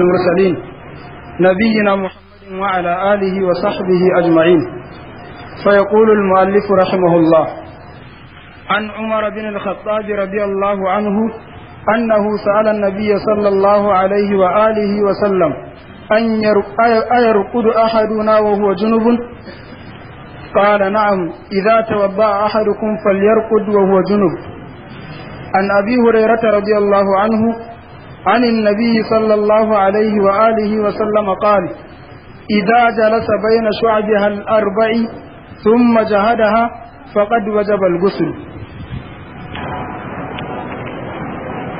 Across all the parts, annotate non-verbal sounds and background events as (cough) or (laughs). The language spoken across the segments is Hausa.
المرسلين نبينا محمد وعلى آله وصحبه أجمعين فيقول المؤلف رحمه الله عن عمر بن الخطاب رضي الله عنه أنه سأل النبي صلى الله عليه وآله وسلم أن أيرقد أحدنا وهو جنب قال نعم إذا توضأ أحدكم فليرقد وهو جنب عن أبي هريرة رضي الله عنه عن النبي صلى الله عليه وآله وسلم قال إذا جلس بين شعبها الأربع ثم جهدها فقد وجب الغسل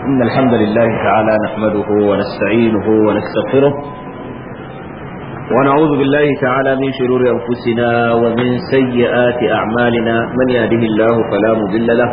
إن الحمد لله تعالى نحمده ونستعينه ونستغفره ونعوذ بالله تعالى من شرور أنفسنا ومن سيئات أعمالنا من يهده الله فلا مضل له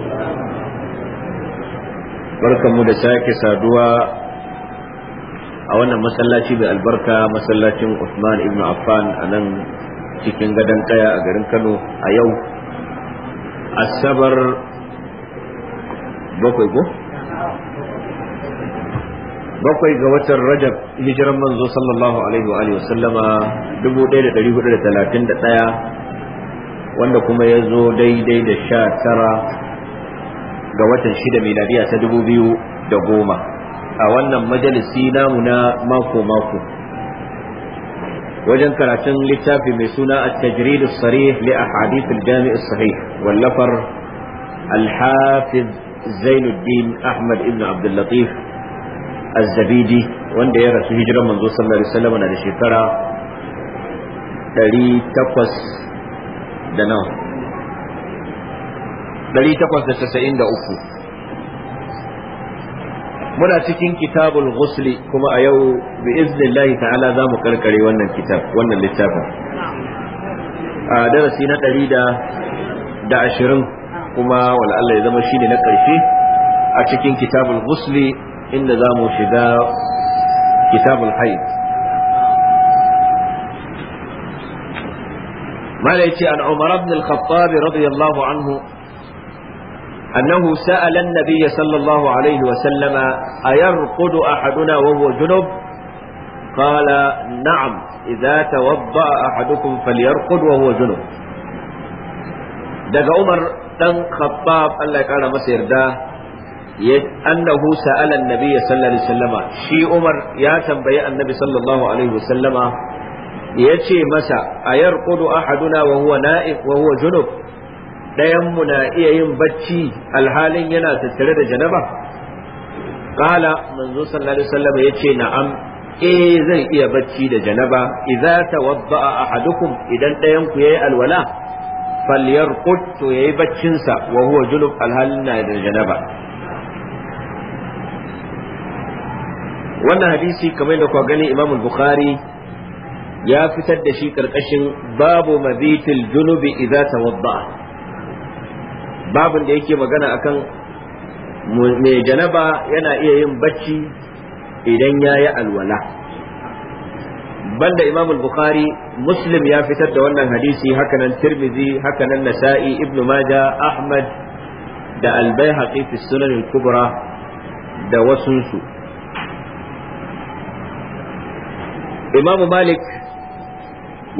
barkanmu da sake saduwa a wannan masallaci mai albarka masallacin Uthman ibn Affan a nan cikin gadon kaya a garin Kano a yau asabar bakwai ko? bakwai ga watan rajab hijiran manzo sallallahu alaihi wa alihi wasallama 1431 wanda kuma ya zo daidai da sha tara ga watan shida miladiya ta dubu biyu da goma a wannan majalisi namu na mako-mako wajen karatun littafi mai suna at-tajrid as-sarih li a al-jami' sahih wallafar alhafiz hafiz Zainuddin Ahmad ibn Abdul Latif wanda ya rasu hijiran manzo sallallahu alaihi wasallam na da shekara 800 da nawa 893 muna cikin kitabul ghusli kuma a yau bi ta'ala za mu karkare wannan kitab wannan littafin a darasi na ɗari da ashirin kuma wala Allah ya zama shi ne na ƙarshe a cikin kitabul ghusli inda za mu shiga kitabul haid ما ليتي عن عمر بن الخطاب رضي الله عنه أنه سأل النبي صلى الله عليه وسلم أيرقد أحدنا وهو جنب قال نعم إذا توضأ أحدكم فليرقد وهو جنب دق عمر دن خطاب قال لك أنا مسير ده أنه سأل النبي صلى الله عليه وسلم شي عمر يا تنبي النبي صلى الله عليه وسلم يتي مسا أيرقد أحدنا وهو نائم وهو جنب ɗayan mu na iya yin bacci alhalin yana tattare da janaba ƙala manzo sallallahu alaihi wasallam yace na'am eh zan iya bacci da janaba idza tawadda'a ahadukum idan ɗayan ku yayi alwala falyarqud to yayi baccin sa wa huwa junub alhalin na da janaba wannan hadisi kamar da kwa gani Imam Bukhari ya fitar da shi karkashin babu mabitil junubi idza tawadda'a babin da yake magana akan mai janaba yana iya yin bacci idan ya yi alwala banda imam bukhari muslim ya fitar da wannan hadisi hakanan tirmizi hakanan nasa'i ibn maja ahmad da albayhaqi fi sunan kubra da wasunsu imam malik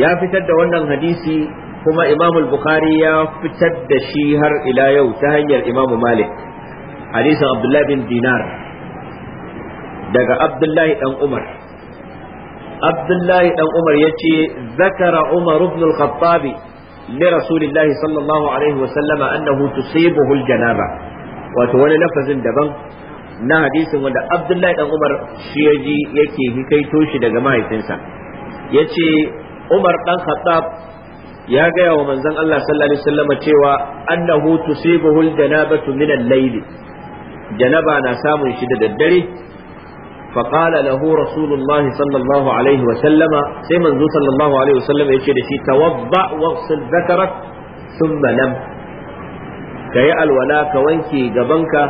ya fitar da wannan hadisi kuma Imam al-Bukhari ya fitar da shi har ila yau ta hanyar Imam Malik hadisin Abdullahi bin Dinar daga Abdullahi dan Umar Abdullahi dan Umar ya ce, zakara Umar ibn al-Khattab li Rasulillah sallallahu alaihi wa sallama annahu tusibuhu al-janaba wato wani lafazin daban na hadisin wanda Abdullahi dan Umar shi yaji yake hikaito shi daga mahaifinsa yace Umar dan Khattab ya gaya wa manzon Allah sallallahu alaihi wasallam cewa annahu tusibuhul janabatu min al-layl janaba na samun shi da daddare fa qala lahu rasulullahi sallallahu alaihi sai manzo sallallahu alaihi wasallama yace da shi tawadda waghsil dhakarak thumma lam kayi alwala ka wanke gabanka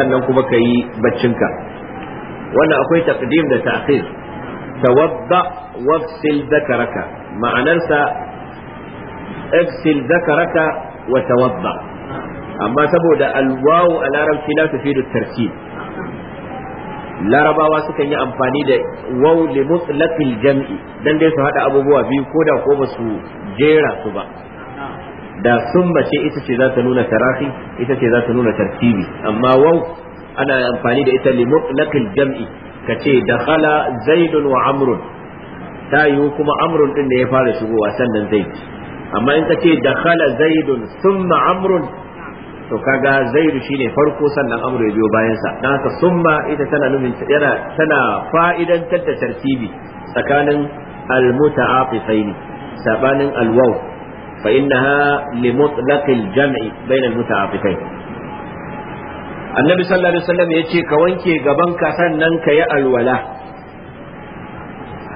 sannan kuma kayi baccinka wannan akwai taqdim da ta'khir tawadda waghsil ma'anarsa اغسل ذكرك وتوضا اما saboda alwawu a larabci la tufidu larabawa sukan yi amfani da waw li mutlaqil jam'i dan dai su hada abubuwa biyu ko da ko basu jera su ba da summa ce ita ce za ta nuna tarahi ita ce za ta nuna tartibi amma waw ana amfani da ita li mutlaqil jam'i kace dakhala zaidun wa amrun ta yiwu kuma amrun din da ya fara shigowa sannan zaid amma in ka ce dakhala zaidun summa amrun to kaga zaidu shine farko sannan amru ya biyo bayan sa dan haka summa ita tana nufin yana tana fa'idantar da tartibi tsakanin almuta'atifain al alwaw fa innaha limutlaqil jam'i bayna almuta'atifain annabi sallallahu alaihi wasallam yace ka wanke gaban ka sannan ka yi alwala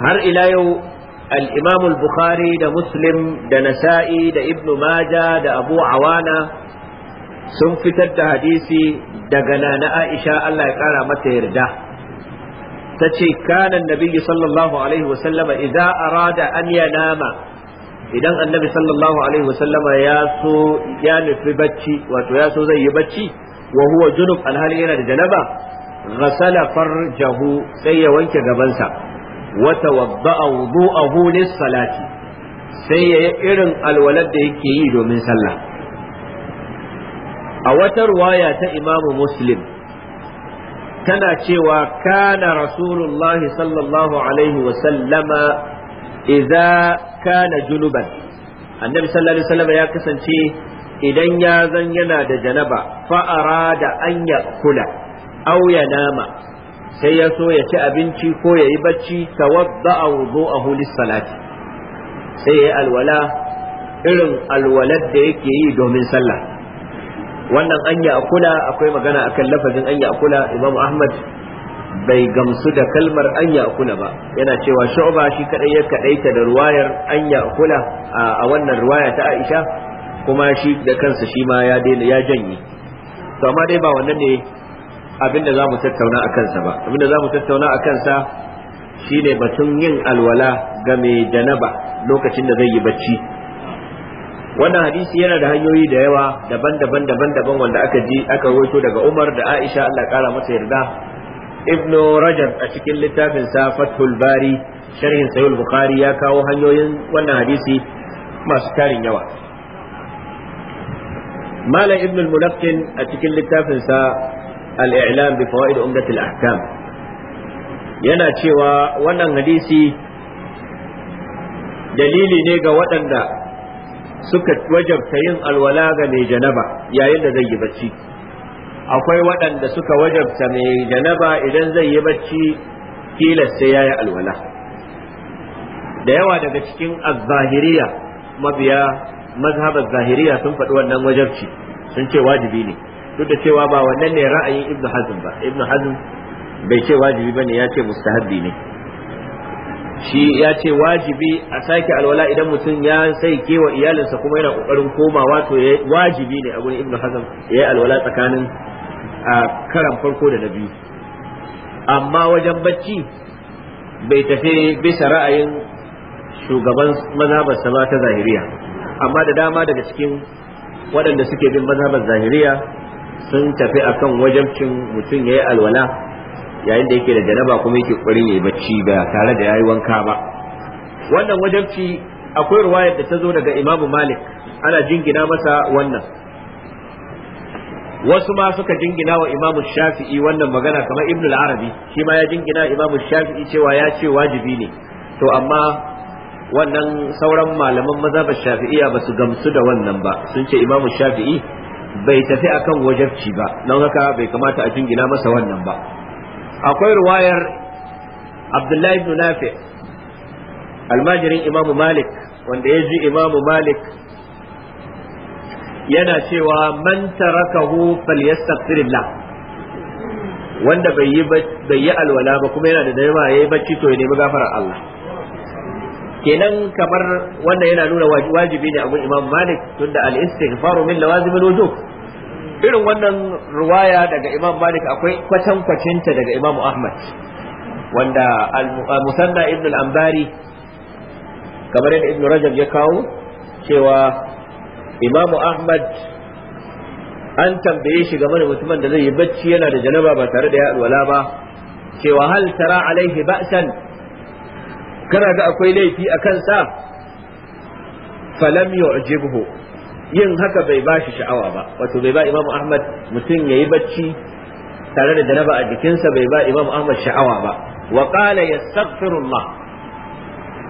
har ila yau al-Imam bukhari da Muslim da Nasa'i da Ibn Maja da Abu Awana sun fitar da hadisi daga Nana Aisha Allah mata yarda tace kana annabi sallallahu alaihi wasallama idza idan annabi sallallahu alaihi wasallama ya ya nufi bacci wato ya so zai yi bacci wa huwa junub alhali yana da janaba ghasala farjahu sai ya wanke gabansa wa tawadda'a wudu'ahu lis-salati sai yayi irin alwalar da yake yi domin sallah a wata ruwaya ta imamu muslim tana cewa kana rasulullahi sallallahu alaihi wa sallama idza kana junuban annabi sallallahu alaihi wasallam ya kasance idan ya zan yana da janaba fa'ara da an kula auya nama sai ya so ya ci abinci ko ya yi bacci tawadda'a wudu'ahu lis-salati sai ya alwala irin alwalar da yake yi domin sallah wannan an yi akula akwai magana akan lafazin an yi akula imam ahmad bai gamsu da kalmar an yi akula ba yana cewa shu'ba shi kadai ya kadaita da ruwayar an yi akula a wannan ruwaya ta aisha kuma shi da kansa shi ma ya ya janye to amma dai ba wannan ne abinda za mu tattauna a kansa ba abinda za mu tattauna a kansa shi ne batun yin alwala ga mai janaba lokacin da zai yi bacci wannan hadisi yana da hanyoyi da yawa daban-daban daban-daban wanda aka ji aka roto daga Umar da Aisha Allah kara masa yarda Ibn Rajab a cikin littafin sa Fathul Bari sharhin Sahih Bukhari ya kawo hanyoyin wannan hadisi masu tarin yawa Malam Ibn Mulaqqin a cikin littafin sa al-i'lam bi fawaid umdat al-ahkam yana cewa wannan hadisi dalili ne ga waɗanda suka wajabta yin alwala ga mai janaba yayin da zai yi bacci akwai waɗanda suka wajabta mai janaba idan zai yi bacci tilas sai yayi alwala da yawa daga cikin az-zahiriya mabiya mazhabar zahiriya sun faɗi wannan wajabci sun ce wajibi ne duk da cewa ba wannan ne ra'ayin ibnu hazm ba ibnu hazm bai ce wajibi bane ya ce mustahabbi ne shi ya ce wajibi a sake alwala idan mutum ya sai wa iyalinsa kuma yana kokarin komawa to wajibi ne a gurin ibnu hazm ya yi alwala tsakanin a karan farko da na biyu amma wajen bacci bai tafi bisa ra'ayin shugaban mazhabarsa ba ta zahiriya amma da dama daga cikin waɗanda suke bin mazhabar zahiriya sun tafi akan wajabcin mutum ya yi alwala yayin da yake da janaba kuma yake kuri ya yi bacci ba tare da ya wanka ba wannan wajabci akwai ruwayar da ta zo daga imamu malik ana jingina masa wannan wasu ma suka jingina wa imamu shafi'i wannan magana kamar ibn al-arabi shi ma ya jingina imamu shafi'i cewa ya ce wajibi ne to amma wannan sauran malaman ba shafi'iyya ba su gamsu da wannan ba sun ce imamu shafi'i bai tafi akan wajabci ba don haka bai kamata a jingina masa wannan ba akwai ruwayar abdullahi ibn nafi almajirin imamu malik wanda ya ji imamu malik yana cewa man tarakahu falyastaghfirillah wanda bai yi alwala ba kuma yana da dama yayi bacci to ya nemi gafarar Allah kenan kamar wannan yana nuna wajibi ne a imam malik tunda al-istighfaru min lawazim al-wujub irin wannan ruwaya daga imam malik akwai kwatan kwacinta daga imam ahmad wanda musanna ibn al-ambari kamar yadda ibn rajab ya kawo cewa imam ahmad an tambaye shi game da mutumin da zai yi bacci yana da janaba ba tare da ya alwala ba cewa hal tara alaihi ba'san kana ga akwai laifi a kansa falam yu'jibhu yin haka bai bashi shi sha'awa ba wato bai ba imamu ahmad mutum yayi bacci tare da janaba a jikinsa bai ba imamu ahmad sha'awa ba wa qala yastaghfirullah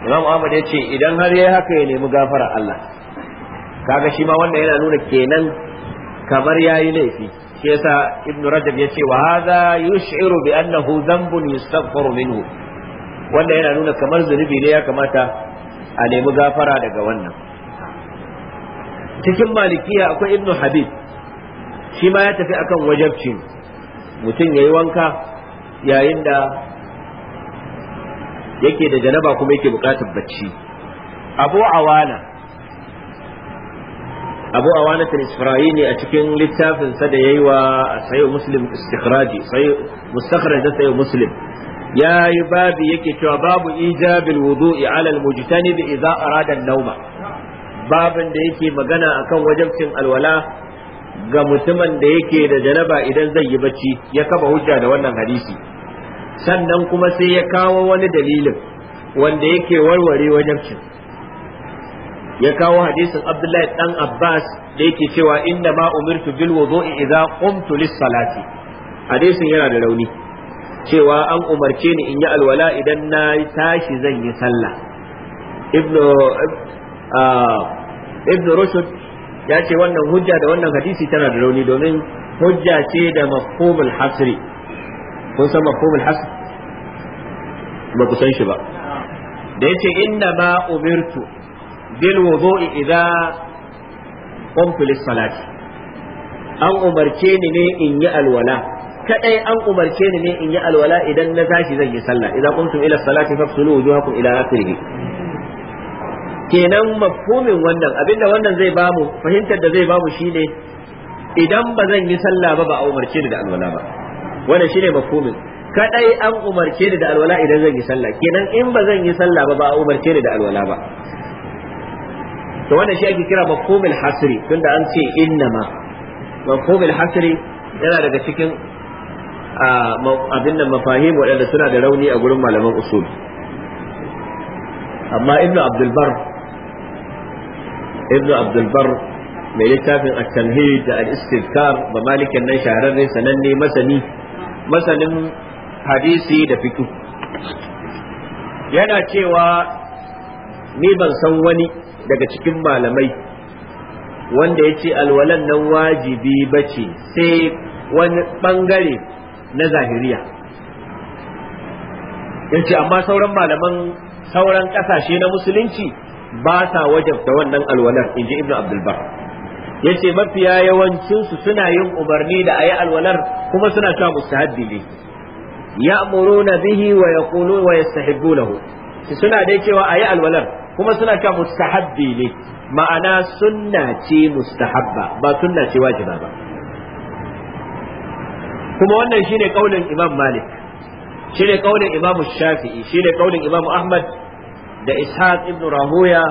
imamu ahmad ya ce idan har yayi haka ya nemi gafara Allah kaga shi ma wannan yana nuna kenan kamar yayi laifi shi yasa ibnu rajab ya ce wa hadha yush'iru bi annahu dhanbun yastaghfiru minhu wanda yana nuna kamar zunubi ne ya kamata a nemi gafara daga wannan cikin malikiya akwai ibnu habib shi ma ya tafi akan wajabci mutum ya yi wanka yayin da yake da janaba kuma yake bukatar bacci abu awana abu awana ta ne a cikin littafinsa da ya yi wa sayo muslim istikhraji mustakhraj da sayo muslim ya yi babi yake cewa babu ijabil wudu'i ala al-mujtanibi idza arada an-nawma babin da yake magana akan wajabcin alwala ga mutumin da yake da janaba idan zai yi bacci ya kafa hujja da wannan hadisi sannan kuma sai ya kawo wani dalilin wanda yake warware wajabcin ya kawo hadisin Abdullahi dan Abbas da yake cewa inna ma umirtu bil wudu'i idza qumtu lis-salati hadisin yana da rauni cewa an umarce ni in yi alwala idan na tashi zan yi sallah Ibn ah, rushd ya ce wannan hujja da wannan hadisi tana da rauni domin hujja ce da mafhumul hasri kun san mafhumul hasri ba ku san shi ba da yace inna ma umirtu bil wudu'i idza qumtu lis salati an umarce ni ne in yi alwala kadai an umarce ni ne in yi alwala idan na tashi zan yi sallah idan kuntum ila salati fafsulu wujuhakum ila akhirih kenan mafhumin wannan abinda wannan zai bamu fahimtar da zai bamu shine idan ba zan yi sallah ba ba a umarce ni da alwala ba wannan shine mafhumin kadai an umarce ni da alwala idan zan yi sallah kenan in ba zan yi sallah ba ba a umarce ni da alwala ba to wannan shi ake kira mafhumul hasri tunda an ce innama mafhumul hasri yana daga cikin abinda mafahimu mafahim waɗanda suna da rauni a gurin malaman usul amma ibnu abdulbar ibnu abdulbar mai littafin at-tamhid da al-istizkar ba malikin nan shahararre sananne masani masanin hadisi da fiqh yana cewa ni ban san wani daga cikin malamai wanda ya ce alwalan nan wajibi bace sai wani bangare na zahiriya yace amma sauran malaman sauran kasashe na musulunci ba sa wajabta wannan alwalar inji ibnu abdul yace mafiya yawancin su suna yin umarni da ayi alwalar kuma suna cewa mustahabbi ne ya'muruna bihi wa yaquluna wa yastahibbunahu suna dai cewa ayi alwalar kuma suna cewa mustahabbi ne ma'ana sunna ce mustahabba ba sunna ce wajiba ba kuma wannan shine kaulin imam malik shine kaulin imam shafi'i shine kaulin imam ahmad da ishaq ibn rahuya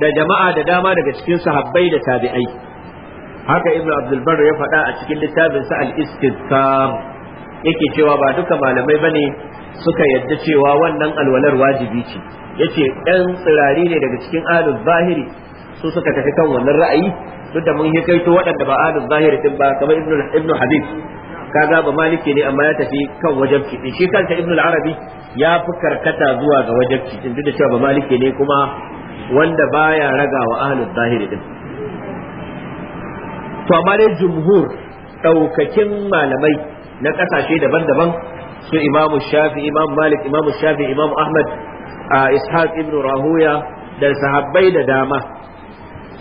da jama'a da dama daga cikin sahabbai da tabi'ai haka ibn abdul barr ya faɗa a cikin littafin sa al-istizkar yake cewa ba duka malamai bane suka yadda cewa wannan alwalar wajibi ce yace 'yan tsirari ne daga cikin alul zahiri su suka tafi kan wannan ra'ayi duk da mun hikaito waɗanda ba alul zahiri din ba kamar ibnu ibn habib kaga ba maliki ne amma ya tafi kan wajabci din shi kanta ibnu arabi ya fi karkata zuwa ga wajabci din duk da cewa ba maliki ne kuma wanda baya ragawa ahlul zahiri din to amma dai jumhur daukakin malamai na kasashe daban-daban su imamu shafi imam malik imamu shafi imam ahmad ishaq ibnu rahuya da sahabbai da dama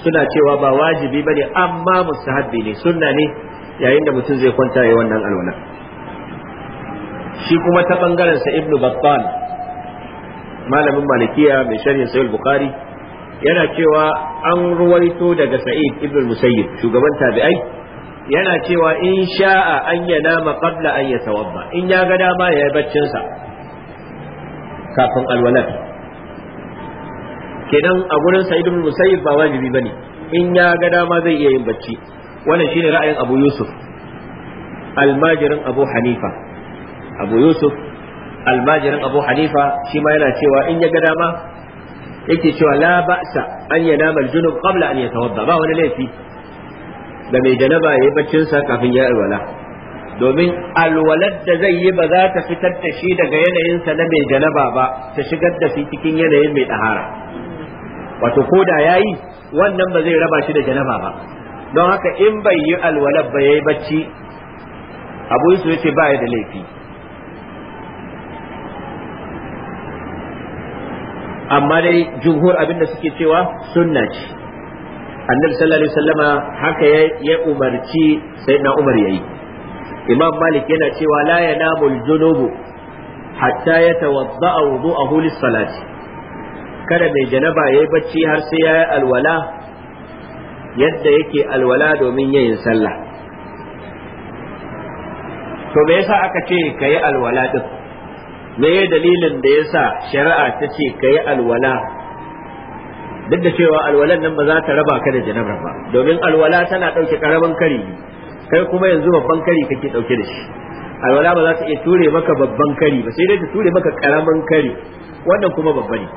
suna cewa ba wajibi bane amma mustahabbi ne sunna ne yayin da mutum zai kwanta ya wannan alwala shi kuma ta bangaren sa ibnu battal malamin malikiya mai sharhin sai bukhari yana cewa an ruwaito daga sa'id Ibn musayyib shugaban tabi'ai yana cewa in sha'a an yanama qabla an in ya ga dama ya yi baccin sa kafin alwalar kenan a gurin sa'id ibnu musayyib ba wajibi bane in ya ga dama zai iya yin bacci wannan shine ra'ayin abu yusuf almajirin abu hanifa abu yusuf almajirin abu hanifa shi ma yana cewa in ya ga dama yake cewa la ba'sa an yanama aljunub qabla an yatawadda ba wani laifi da mai janaba yayi baccin sa kafin ya alwala domin alwalar da zai yi ba za ta fitar da shi daga yanayin sa na mai janaba ba ta shigar da shi cikin yanayin mai dahara wato koda yayi wannan ba zai raba shi da janaba ba don haka in bai yi alwala ba yayi bacci abu su yace ba ya da laifi amma dai jumhur abinda suke cewa sunna ce annabi sallallahu alaihi wasallama haka ya umarci sayyidina umar yayi imam malik yana cewa la yanamul junubu hatta yatawadda wudu'ahu lis-salati kada mai janaba yayi bacci har sai yayi alwala yadda yake alwala domin yayin sallah to me yasa aka ce ka yi alwala din me ya dalilin da yasa shari'a ta ce ka yi alwala duk da cewa alwalan nan ba za ta raba ka da janabar ba domin alwala tana ɗauke karamin kari kai kuma yanzu babban kari kake ɗauke da shi alwala ba za ta iya ture maka babban kari ba sai dai ta ture maka karamin kari wannan kuma babba ne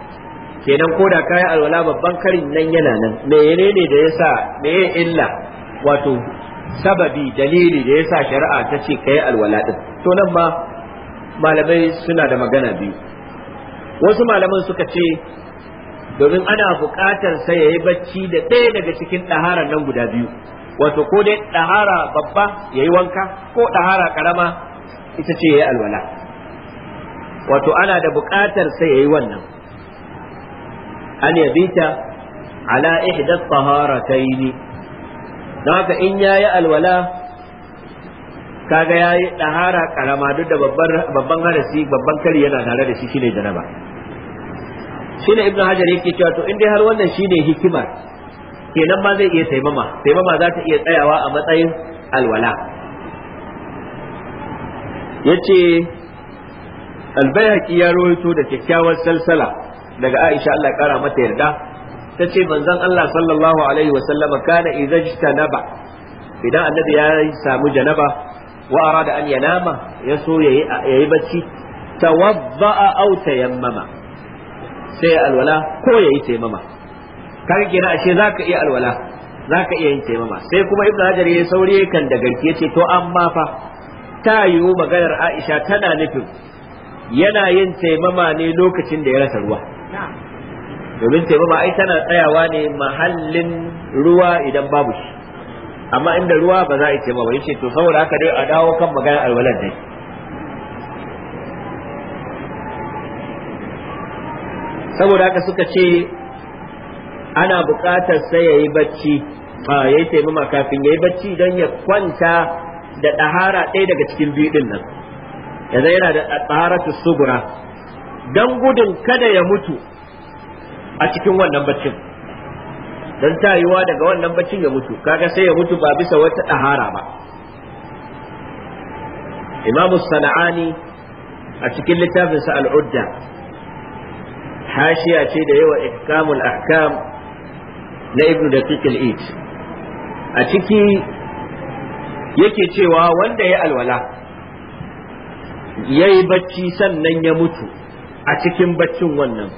kenan ko da kayan alwala babban karin nan yana nan menene da yasa meye illa wato sababi dalili da yasa shari'a ta ce kai alwala din to nan ma malamai suna da magana biyu wasu malaman suka ce domin ana buƙatar sa yayi bacci da ɗaya daga cikin ɗaharar nan guda biyu wato ko dai ɗahara babba yayi wanka ko ɗahara ƙarama ita ce yayi alwala wato ana da buƙatar sa yayi wannan an yabita ala ihda taharataini don haka in yayi alwala kaga yayi dahara karama duk da babban harasi babban kari yana tare da shi shine janaba shine ibnu hajar yake cewa to in dai har wannan shine hikima kenan ma zai iya taimama taimama za ta iya tsayawa a matsayin alwala yace albayhaqi ya rawaito da kyakkyawar salsala daga Aisha Allah ya kara mata yarda ta ce manzon Allah sallallahu alaihi wasallama kana idajtanaba idan annabi ya samu janaba wa arada an yanama ya so yayi yayi bacci tawadda'a aw tayammama sai alwala ko yayi tayammama kaga kenan ashe zaka iya alwala zaka iya yin tayammama sai kuma ibnu hajar ya saurayi kan da garki yace to amma fa ta yiwu maganar Aisha tana nufin yana yin taimama ne lokacin da ya rasa ruwa domin taimama ai tana tsayawa ne mahallin ruwa idan babu shi amma inda ruwa ba za a yi taimama yace to saboda haka dai a dawo kan magana alwalar dai saboda haka suka ce ana buƙatar sai yayi bacci ba ah, yayi taimama kafin yayi bacci don ya kwanta da ɗahara ɗaya daga cikin biyu ɗin nan yanzu yana da ɗaharatu sugura don gudun kada ya mutu a cikin wannan baccin don tayuwa daga wannan baccin ya mutu kaga sai ya mutu ba bisa wata ɗahara ba imamu sana'ani a cikin littafinsa al'udda hashiya ce da yawa ihkamul ahkam na ibnu da al a ciki yake cewa wanda ya alwala ya yi bacci sannan ya mutu a cikin baccin wannan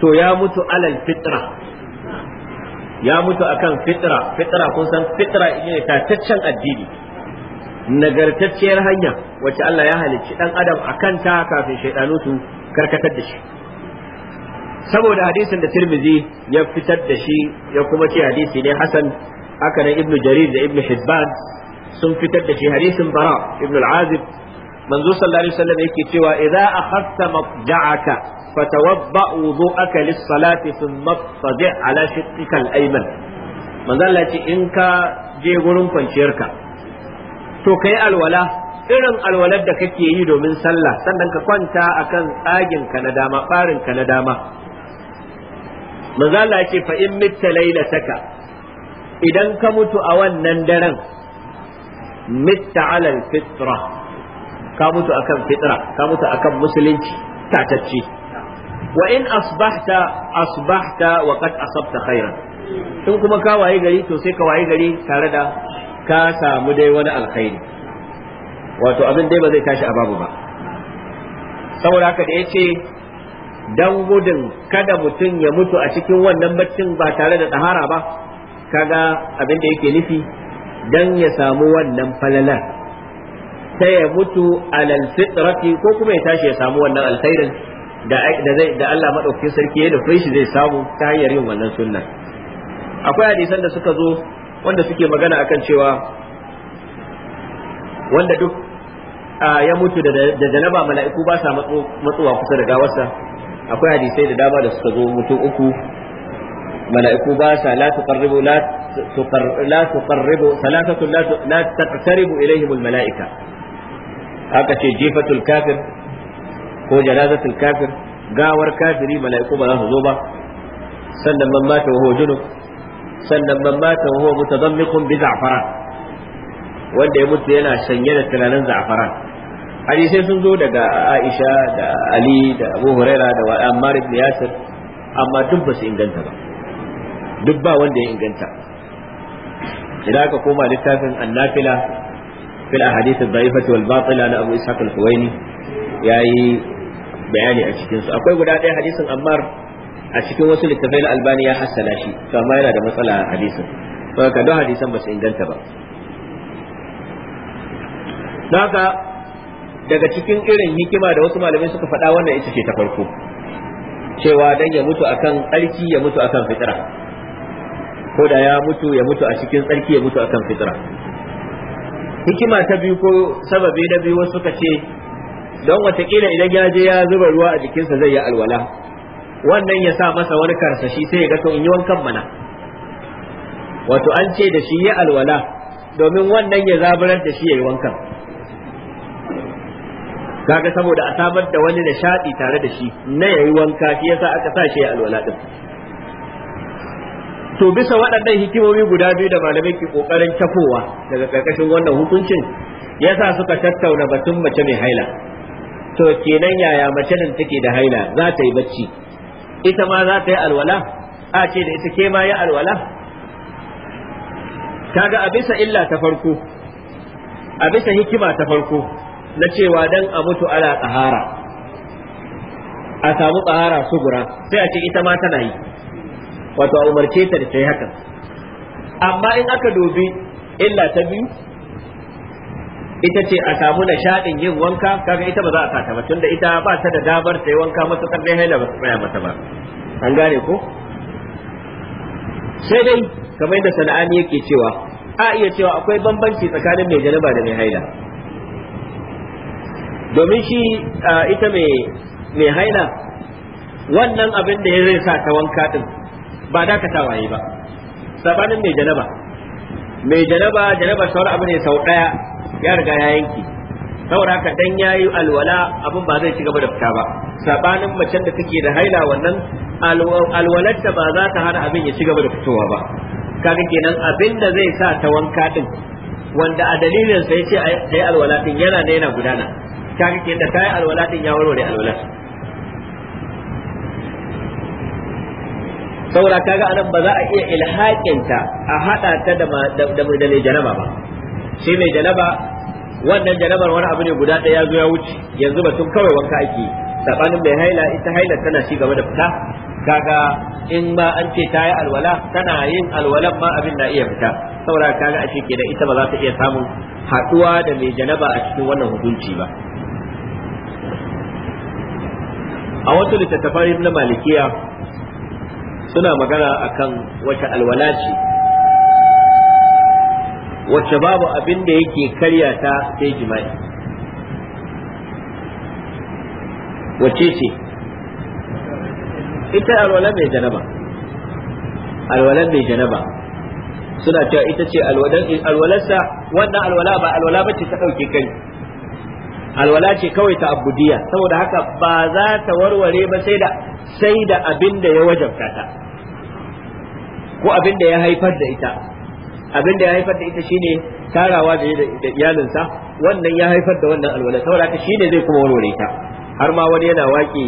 to ya mutu alal fitra ya mutu akan fitra fitra kun san fitra ne tataccen addini nagartacciyar hanya wacce Allah ya halicci dan adam akan ta kafin shaidanu su karkatar da shi saboda hadisin da Tirmidhi ya fitar da shi ya kuma ce hadisi ne hasan haka ibnu Ibn Jarir da Ibn Hibban sun fitar da shi hadisin Bara Ibn al-Azib manzo sallallahu alaihi wasallam yake cewa idza akhadta maqja'aka fatawabba wudu'aka lis-salati thumma fadi' ala shiqqika ayman manzo Allah ce in ka je gurin kwanciyarka to kai alwala irin alwalar da kake yi domin sallah sannan ka kwanta akan tsagin ka na dama farin ka na dama manzo Allah ce fa in mitta lailataka idan ka mutu a wannan daren mitta alal fitra ka mutu akan fitra ka mutu akan musulunci tatacce wa in asbahta asbahta wa qad asabta khairan in kuma ka waye gari to sai ka waye gari tare da ka samu dai wani alkhairi wato abin dai ba zai tashi a babu ba saboda haka da yace dan gudun kada mutum ya mutu a cikin wannan baccin ba tare da ɗahara ba kaga abin da yake nufi dan ya samu wannan falalar sai ya mutu alal fitrati ko kuma ya tashi ya samu wannan alkhairin da zai da Allah madaukakin sarki ya dafe shi zai samu ta hanyar yin wannan sunna akwai hadisan da suka zo wanda suke magana akan cewa wanda duk ya mutu da janaba mala'iku ba sa matsuwa kusa da gawarsa akwai hadisai da dama da suka zo mutu uku mala'iku ba sa la tuqarribu la tuqarribu salasatu la taqtaribu ilaihim mala'ika aka ce jifatul kafir ko janazatul kafir gawar kafiri mala'iku ba za su zo ba sannan man mata wa huwa sannan man mata wa mutadammiqun bi za'faran wanda ya mutu yana sanye da tunanin za'faran hadisai sun zo daga Aisha da Ali da Abu Huraira da Ammar ibn Yasir amma duk ba su inganta ba duk ba wanda ya inganta idan ka koma littafin annafila fil ahadith ad-da'ifati wal batila na Abu Ishaq al-Huwaini yayi bayani a cikin su akwai guda ɗaya hadisin Ammar a cikin wasu littafai na Albani ya hassana shi to amma yana da matsala hadisin to ka don hadisan ba su inganta ba haka daga cikin irin hikima da wasu malamai suka faɗa wannan ita ce ta farko cewa dan ya mutu akan tsarki ya mutu akan fitra ko da ya mutu ya mutu a cikin tsarki ya mutu akan fitra hikima ta biyu ko sababi na biyu wasu suka ce don watakila idan ya je ya zuba ruwa a jikinsa zai yi alwala wannan ya sa masa wani karsashi sai ya ga to in yi wankan mana wato an ce da shi ya alwala domin wannan ya zaburar da shi ya yi wankan kaga saboda a samar da wani nishaɗi tare da shi na yayi wanka shi yasa aka sa shi ya alwala din to bisa waɗannan hikimomi guda biyu da malamai ke ƙoƙarin tafowa daga ƙarƙashin wannan hukuncin ya sa suka tattauna batun mace mai haila to kenan yaya mace nan take da haila za ta yi bacci ita ma za ta yi alwala a ce da ita ke ma yi alwala kaga a bisa illa ta farko a bisa hikima ta farko na cewa dan a mutu ala tsahara a samu tsahara sugura sai a ce ita ma tana yi wato a umarce ta da haka amma in aka dobi illa ta biyu ita ce a samu shaɗin yin wanka kaga ita ba za a ta ba tunda ita ba ta da damar ta yi wanka matuƙar dai haila ba su tsaya mata ba an gane ko sai dai kamar yadda sana'ani yake cewa a iya cewa akwai bambanci tsakanin mai janaba da mai haila domin shi ita mai haila wannan abin da ya zai sa ta wanka din ba dakatawa tawaye ba sabanin mai janaba mai janaba janaba shawar abu ne sau daya ya riga ya yanki saboda haka dan yayi alwala abin ba zai ci gaba da fita ba sabanin macen da take da haila wannan alwalarta ba za ta hana abin ya ci gaba da fitowa ba kaga kenan abin da zai sa ta wanka din wanda a dalilin sai ce ayi alwala din yana ne yana gudana kaga kenan da ta yi alwala din ya warware alwalar saboda kaga anan ba za a iya ilhaƙinta a haɗa ta da mai janaba ba sai mai janaba wannan janabar wani abu ne guda ɗaya ya zo ya wuce yanzu ba tun kawai wanka ake sabanin mai haila ita haila tana shi gaba da fita kaga in ma an ce ta yi alwala tana yin alwalan ma abin na iya fita saboda kaga ke da ita ba za ta iya samun haɗuwa da mai janaba a cikin wannan hukunci ba a wasu littattafan na malikiya suna magana akan wace alwala ce wacce babu abin da yake karya ta sai jima'i wace ce ita alwala mai janaba alwala mai janaba suna cewa ita ce alwalarsa wannan alwala ba alwala bace ta ɗauke kai alwala ce kawai ta abudiya saboda haka ba za ta warware ba sai da sai da abin da ya wajabta ta ko abin da ya haifar da ita abin da ya haifar da ita shine tarawa da da iyalinsa wannan ya haifar da wannan alwala saboda haka shine zai kuma warware ta har ma wani yana waƙi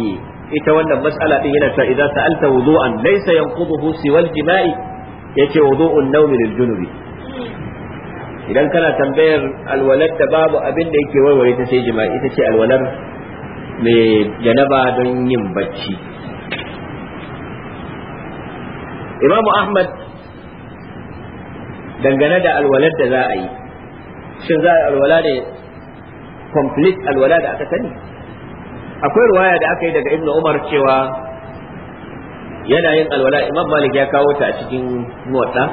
ita wannan mas'ala din yana cewa idza sa'alta wudu'an laysa yanquduhu siwal jima'i yace wudu'un nawmi lil junubi idan kana tambayar alwalar da babu abin da yake warware ta sai jima'i ita ce alwalar mai janaba don yin bacci imamu ahmad dangane da alwalar da za a yi shin za a alwala ne complete alwala da aka sani akwai ruwaya da aka yi daga ibnu umar cewa yana yin alwala imam malik ya kawo ta a cikin motsa,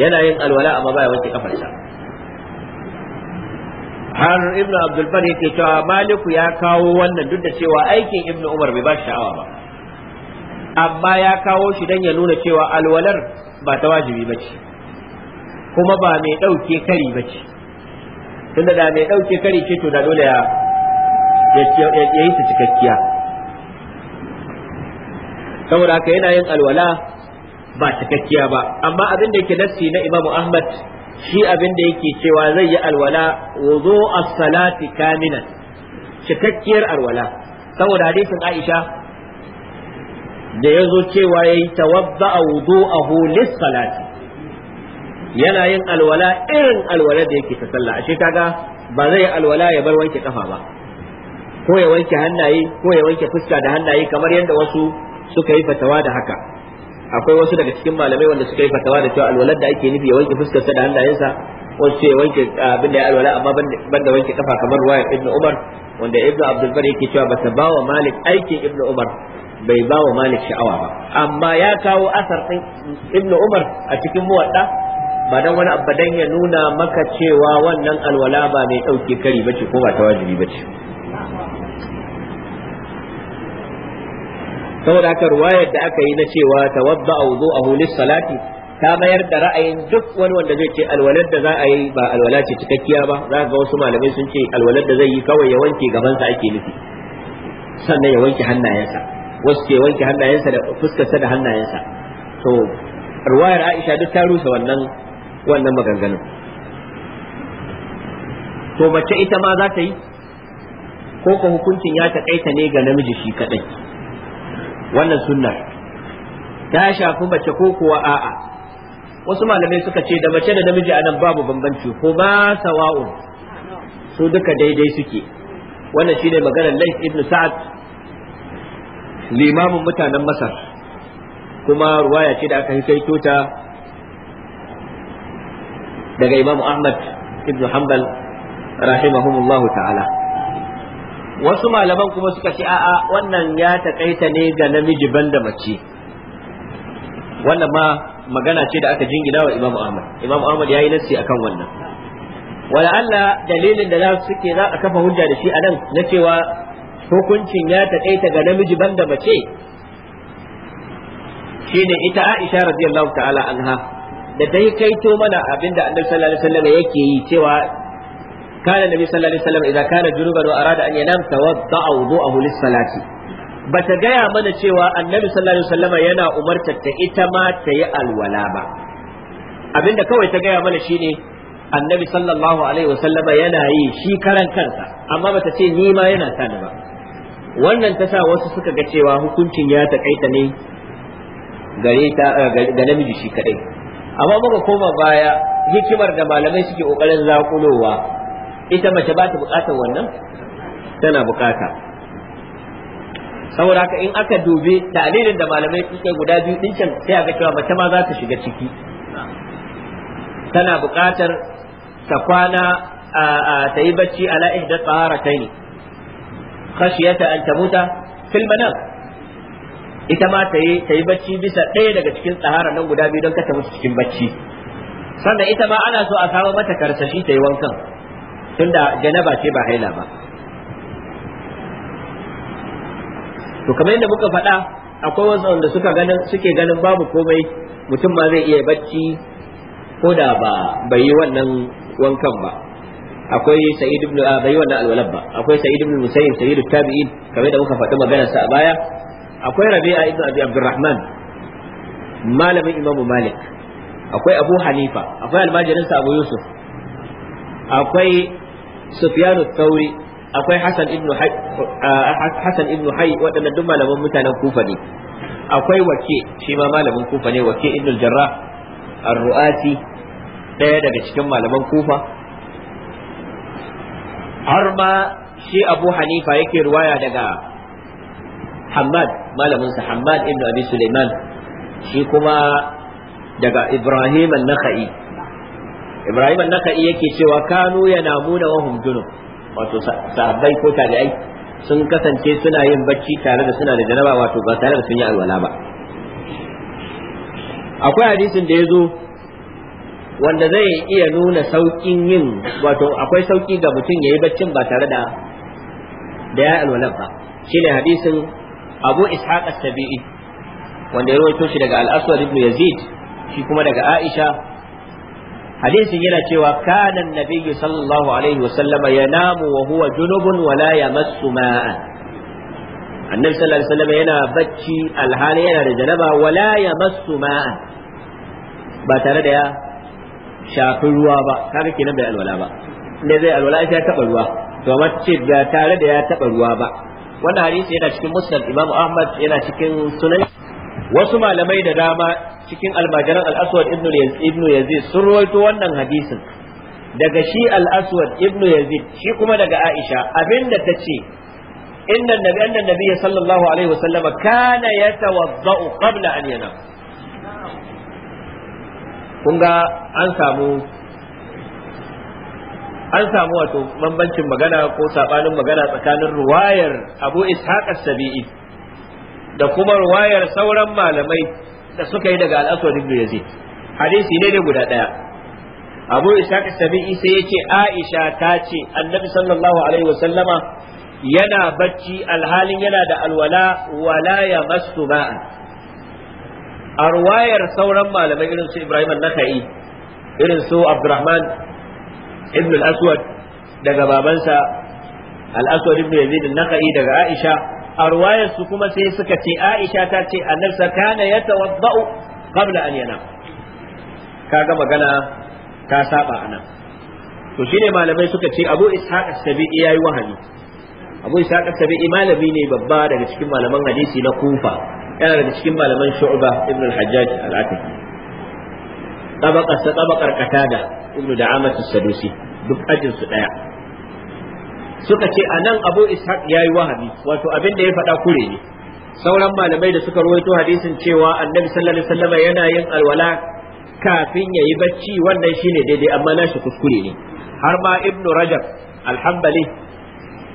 yana yin alwala amma baya wanke kafarsa har ibn abdul bari ke cewa maliku ya kawo wannan duk da cewa aikin ibn umar bai ba shi sha'awa ba amma ya kawo shi dan ya nuna cewa alwalar ba ta wajibi ba ce kuma ba mai ɗauke kari ba ce tunda da mai ɗauke kari ce to da dole ya yi ta cikakkiya saboda haka yana yin alwala ba cikakkiya ba amma abin da yake nassi na imamu ahmad shi abin da yake cewa zai yi alwala wuzu as-salati kamilan cikakkiyar alwala saboda hadisin Aisha da ya zo cewa ya yi tawadda a wudu a hulis salati yana yin alwala irin alwala da yake ta sallah ashe kaga ba zai yi alwala ya bar wanke kafa ba ko ya wanke hannaye ko ya wanke fuska da hannaye kamar yadda wasu suka yi fatawa da haka akwai wasu daga cikin malamai wanda suka yi fatawa da cewa alwalar da ake nufi ya wanke fuskarsa da hannayensa wasu ce wanke ah, abin da ya alwala amma ban da wanke kafa kamar ruwa ibnu umar wanda ibnu abdul bari yake cewa bata ba wa malik aikin ibnu umar bai ba wa malik sha'awa ba amma ya kawo asar din ibnu umar a cikin muwadda ba dan wani abadan ya nuna maka cewa wannan alwala ba mai dauke kari bace ko ba ta wajibi bace saboda haka ruwayar da aka yi na cewa tawadda a lis-salati ta mayar da ra'ayin duk wani wanda zai ce alwalar da za a yi ba alwala ce cikakkiya ba za ga wasu malamai sun ce alwalar da zai yi kawai ya wanke gabansa ake nufi sannan ya wanke hannayensa wasu ke wanke hannayensa da fuskarsa da hannayensa to ruwayar Aisha duk ta rusa wannan wannan maganganun to mace ita ma za ta yi ko ko hukuncin ya taƙaita ne ga namiji shi kadai wannan sunna ta shafi mace ko kuwa a'a wasu malamai suka ce da mace da namiji a nan babu bambanci ko ba sawa'u su duka daidai suke wannan shine maganar Laif ibn Sa'ad limamin mutanen Masar kuma ruwaya ce da aka kai ta daga Imam Ahmad ibn Hanbal rahimahumullahu ta'ala wasu malaman kuma suka ce a'a wannan ya takaita ne ga namiji banda mace wannan ma magana ce da aka jingina wa Imam Ahmad Imam Ahmad yayi nassi akan wannan wala Allah dalilin da za su suke za a kafa hujja da shi a nan na cewa hukuncin ya takaita ga namiji banda mace shine ita Aisha radiyallahu ta'ala anha da dai kaito mana abinda Annabi sallallahu alaihi wasallam yake yi cewa kana nabi sallallahu alaihi wasallam idan kana junuban wa arada an yanam tawadda'a wudu'ahu lis-salati bata gaya mana cewa annabi sallallahu alaihi yana umartar ta ita ma ta yi alwala ba abinda kawai ta gaya mana shine annabi sallallahu alaihi wasallama yana yi shi karan kansa amma bata ce ni ma yana sani ba wannan ta sa wasu suka ga cewa hukuncin ya takaita ne gare ta ga namiji shi kadai amma muka koma baya hikimar da malamai suke kokarin zakulowa ita mace ba ta bukatar wannan tana bukata saboda haka in aka dubi talilin da malamai suka guda biyu din can sai aka cewa mace ma za ta shiga ciki tana bukatar ta kwana ta yi bacci ala ihda taharatayn khashiyata an tamuta fil manam ita ma ta yi ta yi bacci bisa ɗaya daga cikin tsahara nan guda biyu don ka ta mutu cikin bacci sannan ita ma ana so a samu mata karsashi ta yi wankan tunda janaba ce ba haila ba to kamar yadda muka faɗa akwai wasu wanda suka ganin suke ganin babu komai mutum ma zai iya bacci ko da ba bai yi wannan wankan ba akwai sa'id ibn ah, bai yi wannan alwalab ba akwai sa'id ibn musayyib sayyid tabi'in kamar da muka faɗi maganar sa a baya akwai rabi'a ibn abi abdurrahman malamin imamu malik akwai abu hanifa akwai sa abu yusuf akwai sufyan thauri akwai hasan ibnu hasan hay waɗannan duk malaman mutanen kufa ne akwai wake shi ma malamin kufa ne wake ibnu jarrah ar-ru'asi ɗaya daga cikin malaman kufa har ma shi abu hanifa yake ruwaya daga hamad malaminsa hamad ibn abi suleiman shi kuma daga ibrahim an-nakhai ibrahim an yake cewa kanu yana wa wahum junub wato sahabbai ko tabi'ai sun kasance suna yin bacci tare da suna da janaba wato ba tare da sun yi alwala ba akwai hadisin da ya zo wanda zai iya nuna sauƙin yin wato akwai sauƙi ga mutum ya yi baccin ba tare da da ya alwala ba shine hadisin abu ishaq as-sabi'i wanda ya rawaito shi daga al-aswad ibn yazid shi kuma daga aisha hadisin yana cewa kana nabiyyu sallallahu alaihi wa sallama yanamu wa huwa junubun wa la yamassu ma'a annabi sallallahu alaihi wasallam yana bacci alhali yana da janaba wa la yamassu ma'a ba tare da ya shafi ruwa ba kaga kenan bai alwala ba ne zai alwala ya ta ruwa to amma ce ba ya taba ruwa wannan hadisi yana cikin musnad imamu ahmad yana cikin sunan wasu malamai da dama cikin almajiran al-aswad ibnu yazid sun rawaito wannan hadisin daga shi al-aswad ibnu yazid shi kuma daga aisha abinda ta ce inda nabi anna nabi sallallahu alaihi wasallam kana yatawaddau qabla an yanam kun ga an samu an samu wato bambancin magana ko sabanin magana tsakanin ruwayar abu ishaq as-sabi'i da kuma ruwayar sauran malamai da suka yi daga al-aswad ibn yazid hadisi ne da guda daya abu ishaq sabi'i sai ce aisha ta ce annabi sallallahu alaihi wasallama yana bacci alhalin yana da alwala wala ya masu ba'a. a ruwayar sauran malamai irin su ibrahim al-naka'i irin su abdurrahman ibn al-aswad daga babansa al-aswad ibn yazid al-naka'i daga aisha arwayar su kuma sai suka ce Aisha ta ce annabi kana ya yatawaddau qabla an yana kaga magana ta saba anan to shine malamai suka ce Abu Ishaq as-Sabi'i yayi wahani Abu Ishaq as-Sabi'i malami ne babba daga cikin malaman hadisi na Kufa yana daga cikin malaman Shu'ba ibn al-Hajjaj al-Atiki tabaqar sa tabaqar Qatada ibn Da'amat as-Sadusi duk ajin su daya suka ce a nan abu ishaq ya yi wahabi wato abin da ya faɗa kure ne sauran malamai da suka rawaito hadisin cewa annabi sallallahu alaihi wasallam yana yin alwala kafin yayi bacci wannan shine daidai amma nashi kuskure ne har ma ibnu rajab alhambali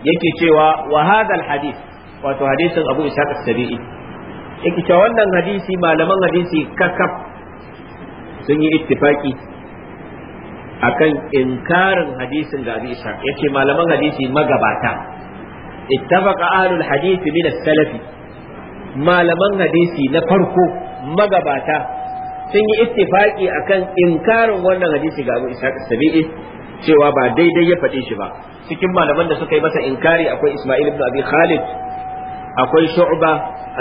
yake cewa wa hadha hadis wato hadisin abu ishaq as-sabi'i yake cewa wannan hadisi malaman hadisi kakaf sun yi ittifaki akan inkarin hadisin ga Abi yace malaman hadisi magabata ittafaqa ahlul hadisi min as-salafi malaman hadisi na farko magabata sun yi ittifaki akan inkarin wannan hadisi ga Abu Ishaq Sabi'i cewa ba daidai ya faɗi shi ba cikin malaman da suka yi masa inkari akwai Isma'il ibn Abi Khalid akwai Shu'ba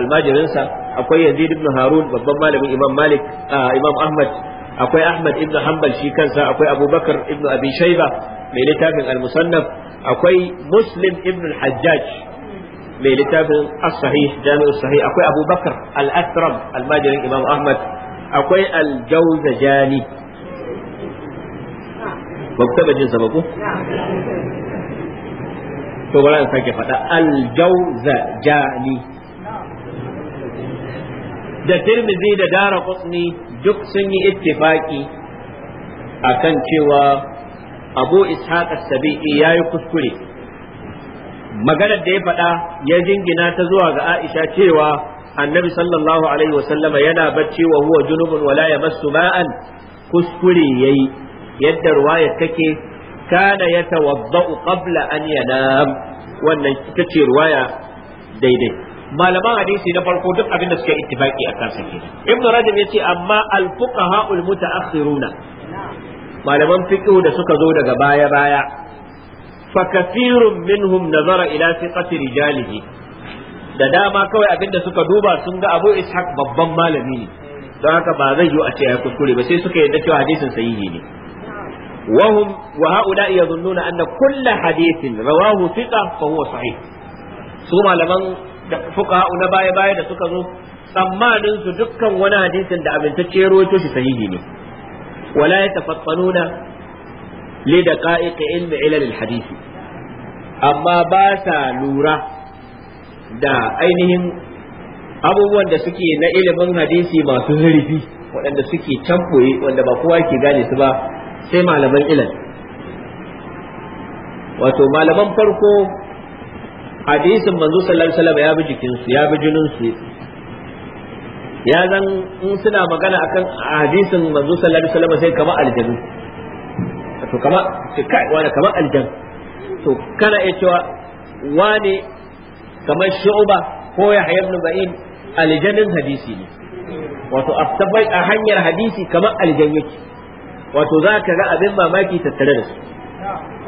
almajirinsa akwai Yazid ibn Harun babban malamin Imam Malik ah, Imam Ahmad akwai Ahmad ibn Hanbal shi kansa akwai Abubakar ibn Abi Shayba mai littafin al-Musannaf akwai Muslim ibn al-Hajjaj mai littafin as-Sahih Jami'us Sahih akwai Abubakar al-Athram al-Majirin Imam Ahmad akwai al-Jawzajani ba ku taba jin sa ba ko to bari in sake fada al-Jawzajani da Tirmidhi da Dara Qutni duk sun yi ittifaki kan cewa abu ishaq sabi'i ya yi kuskure maganar da ya faɗa ya jingina ta zuwa ga aisha cewa annabi sallallahu alaihi wasallama yana bacci wa huwa junubun wala masu ma'an kuskure ya yi. yadda ruwayar take kana yatawaddau qabla an yanam wannan ita ce ruwaya daidai malaman hadisi na farko duk abin da suka ittifaki a kansa ke ibnu rajab yace amma al fuqaha al mutaakhiruna malaman fiqh da suka zo daga baya baya fa kathirun minhum nazara ila thiqati rijalihi da dama kawai abinda suka duba sun ga abu ishaq babban malami ne don haka ba zai yi a ce ya kuskure ba sai suka yarda cewa hadisin sahihi ne وهم وهؤلاء يظنون أن كل حديث رواه ثقة فهو صحيح ثم لمن da fuka na baya baya da suka zo tsammanin su dukkan wani hadisin da abintacce rawaito shi sahihi ne wala ya yatafattanuna li daqa'iq ilmi ilalil hadisi amma ba sa lura da ainihin abubuwan da suke na ilimin hadisi masu zurfi waɗanda suke tamboye wanda ba kowa ke gane su ba sai malaman ilal wato malaman farko hadisin manzo sallallahu alaihi ya bi jikinsu ya bi jininsu ya zan in suna magana akan hadisin manzo sallallahu alaihi sai kama aljanu to kama kai wani kama aljan to kana iya cewa wani kamar shu'ba ko ya ibn ba'in aljanin hadisi ne wato a hanyar hadisi kamar aljan yake wato za ka ga abin mamaki tattare da su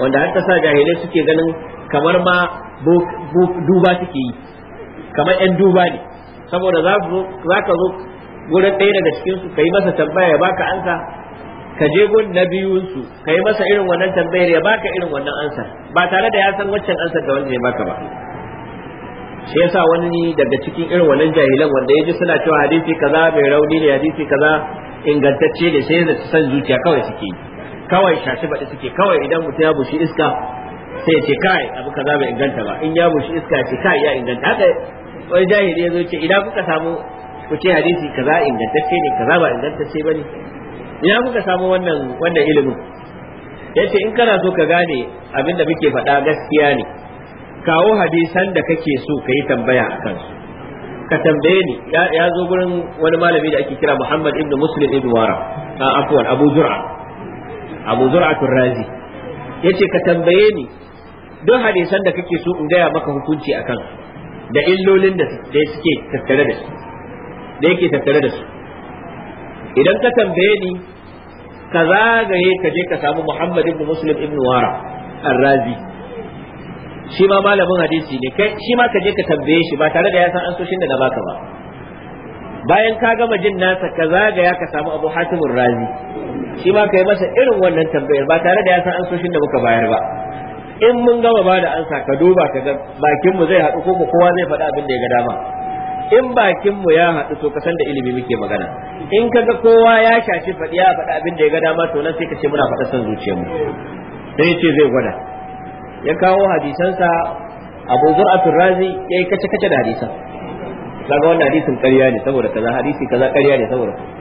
wanda har ta sa jahilai suke ganin kamar ma duba suke yi kamar yan duba ne saboda za ka zo wurin ɗaya daga cikinsu ka yi masa tambaya ya baka ansa ka je gun na biyunsu ka yi masa irin wannan tambayar ya baka irin wannan ansar ba tare da ya san waccan ansar ga wanda ya baka ba shi yasa wani daga cikin irin wannan jahilan wanda ya ji suna cewa hadisi kaza mai rauni ne hadisi kaza ingantacce ne sai da san zuciya kawai suke yi kawai shashi baɗi suke kawai idan mutum ya bushi iska sai ce kai abu kaza bai inganta ba in ya bushi iska ce kai ya inganta haka wani jahili ya zo ce idan kuka samu ku ce hadisi kaza ingantacce ne kaza ba ingantacce ba ne idan kuka samu wannan wannan ilimin ce in kana so ka gane abin da muke faɗa gaskiya ne kawo hadisan da kake so ka yi tambaya a kansu ka tambaye ni ya zo gurin wani malami da ake kira Muhammad ibn Muslim ibn Wara afwan Abu Jur'a abu zur'atul razi yace ka tambaye ni duk hadisan da kake so in gaya maka hukunci akan da illolin da suke tattare da su da yake tattare da su idan ka tambaye ni ka zagaye ka je ka samu Muhammad ibn Muslim ibn Wara Ar-Razi shi ma malamin hadisi ne kai shi ma ka je ka tambaye shi ba tare da ya san an so da na baka ba bayan ka gama jin nasa ka zagaya ka samu Abu Hatim Ar-Razi shi ma kai masa irin wannan tambayar ba tare da ya san ansoshin da muka bayar ba in mun gama ba da ansa ka duba ka ga bakin mu zai haɗu ko kowa zai faɗi abin da ya ga dama in bakin mu ya haɗu to san da ilimi muke magana in kaga kowa ya shashi faɗi ya faɗi abin da ya ga dama to nan sai ka ce muna faɗa san zuciyar mu sai ya ce zai gwada ya kawo hadisansa abu zur'atul razi yayi kace kace da hadisan kaga wannan hadisin ƙarya ne saboda kaza hadisi kaza ƙarya ne saboda kaza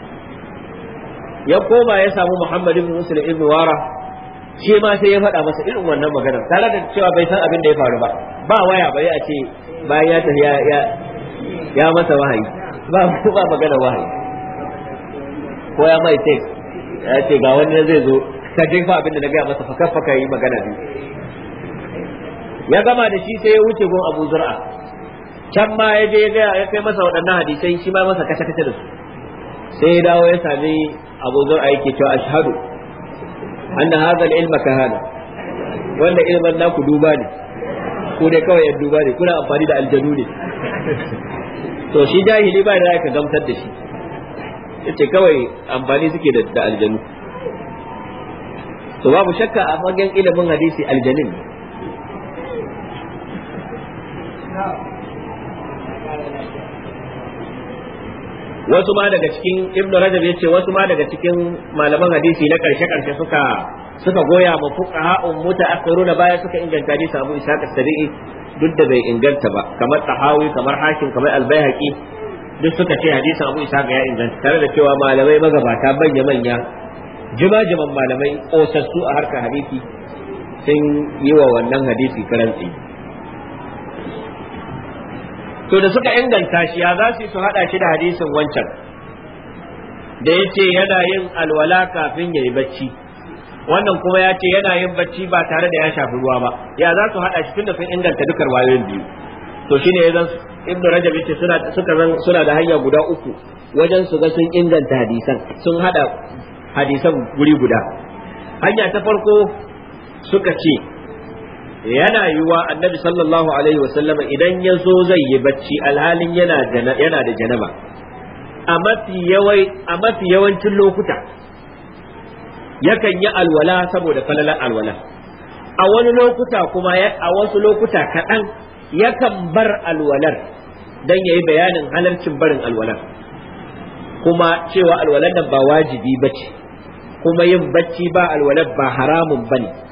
ya koma ya samu Muhammad ibn Musul ibn Wara shi ma sai ya faɗa masa irin wannan magana tare da cewa bai san abin da ya faru ba ba waya bai a ce bayan ya tafi ya ya masa wahayi ba ba magana wahayi ko ya mai tek ya ce ga wani zai zo ka fa abin da na gaya masa faka faka yi magana biyu ya gama da shi sai ya wuce gon Abu Zur'a can ma ya je ya kai masa waɗannan hadisai shi ma masa kashe kashe da su sai dawo ya sami abuzar aiki yake cewa shahadu anna haza al-ilma kahana wanda ilmin naku duba ne ku dai kawai yan duba ne kuna amfani da aljanu ne to shi jahili ba da ka gamsar da shi yace kawai amfani suke da aljanu to babu shakka a fagen ilimin hadisi aljanin ne wasu ma daga cikin ibnu rajab yace wasu ma daga cikin malaman hadisi na karshe karshe suka suka goya ma fuqaha ummata akhiruna baya suka inganta hadisi Abu Ishaq as-Sabi'i duk da bai inganta ba kamar Tahawi kamar Hakim kamar Al-Baihaqi duk suka ce hadisi Abu Ishaq ya inganta tare da cewa malamai magabata manya manya jima-jiman malamai kosassu a harkar hadisi sun yi wa wannan hadisi karantsi to da suka inganta shi ya za su hada shi da hadisin wancan da ya ce yana yin alwala kafin ya yi bacci wannan kuma ya ce yana yin bacci ba tare da ya shafi ruwa ba ya za su hada shi tunda sun inganta dukkan wayoyin biyu to shine yanzu ibnu rajab yace suna suka zan suna da hanya guda uku wajen su ga sun inganta hadisan sun hada hadisan guri guda hanya ta farko suka ce yana yiwa annabi sallallahu alaihi wasallama idan yazo zai yi bacci alhalin yana da janaba a mafi yawancin lokuta yakan yi alwala saboda falalar alwala a wani lokuta kuma a wasu lokuta kaɗan yakan bar alwalar dan yayi bayanin halarcin barin alwalar kuma cewa alwalar nan ba wajibi bace kuma yin bacci ba alwalar ba haramun bane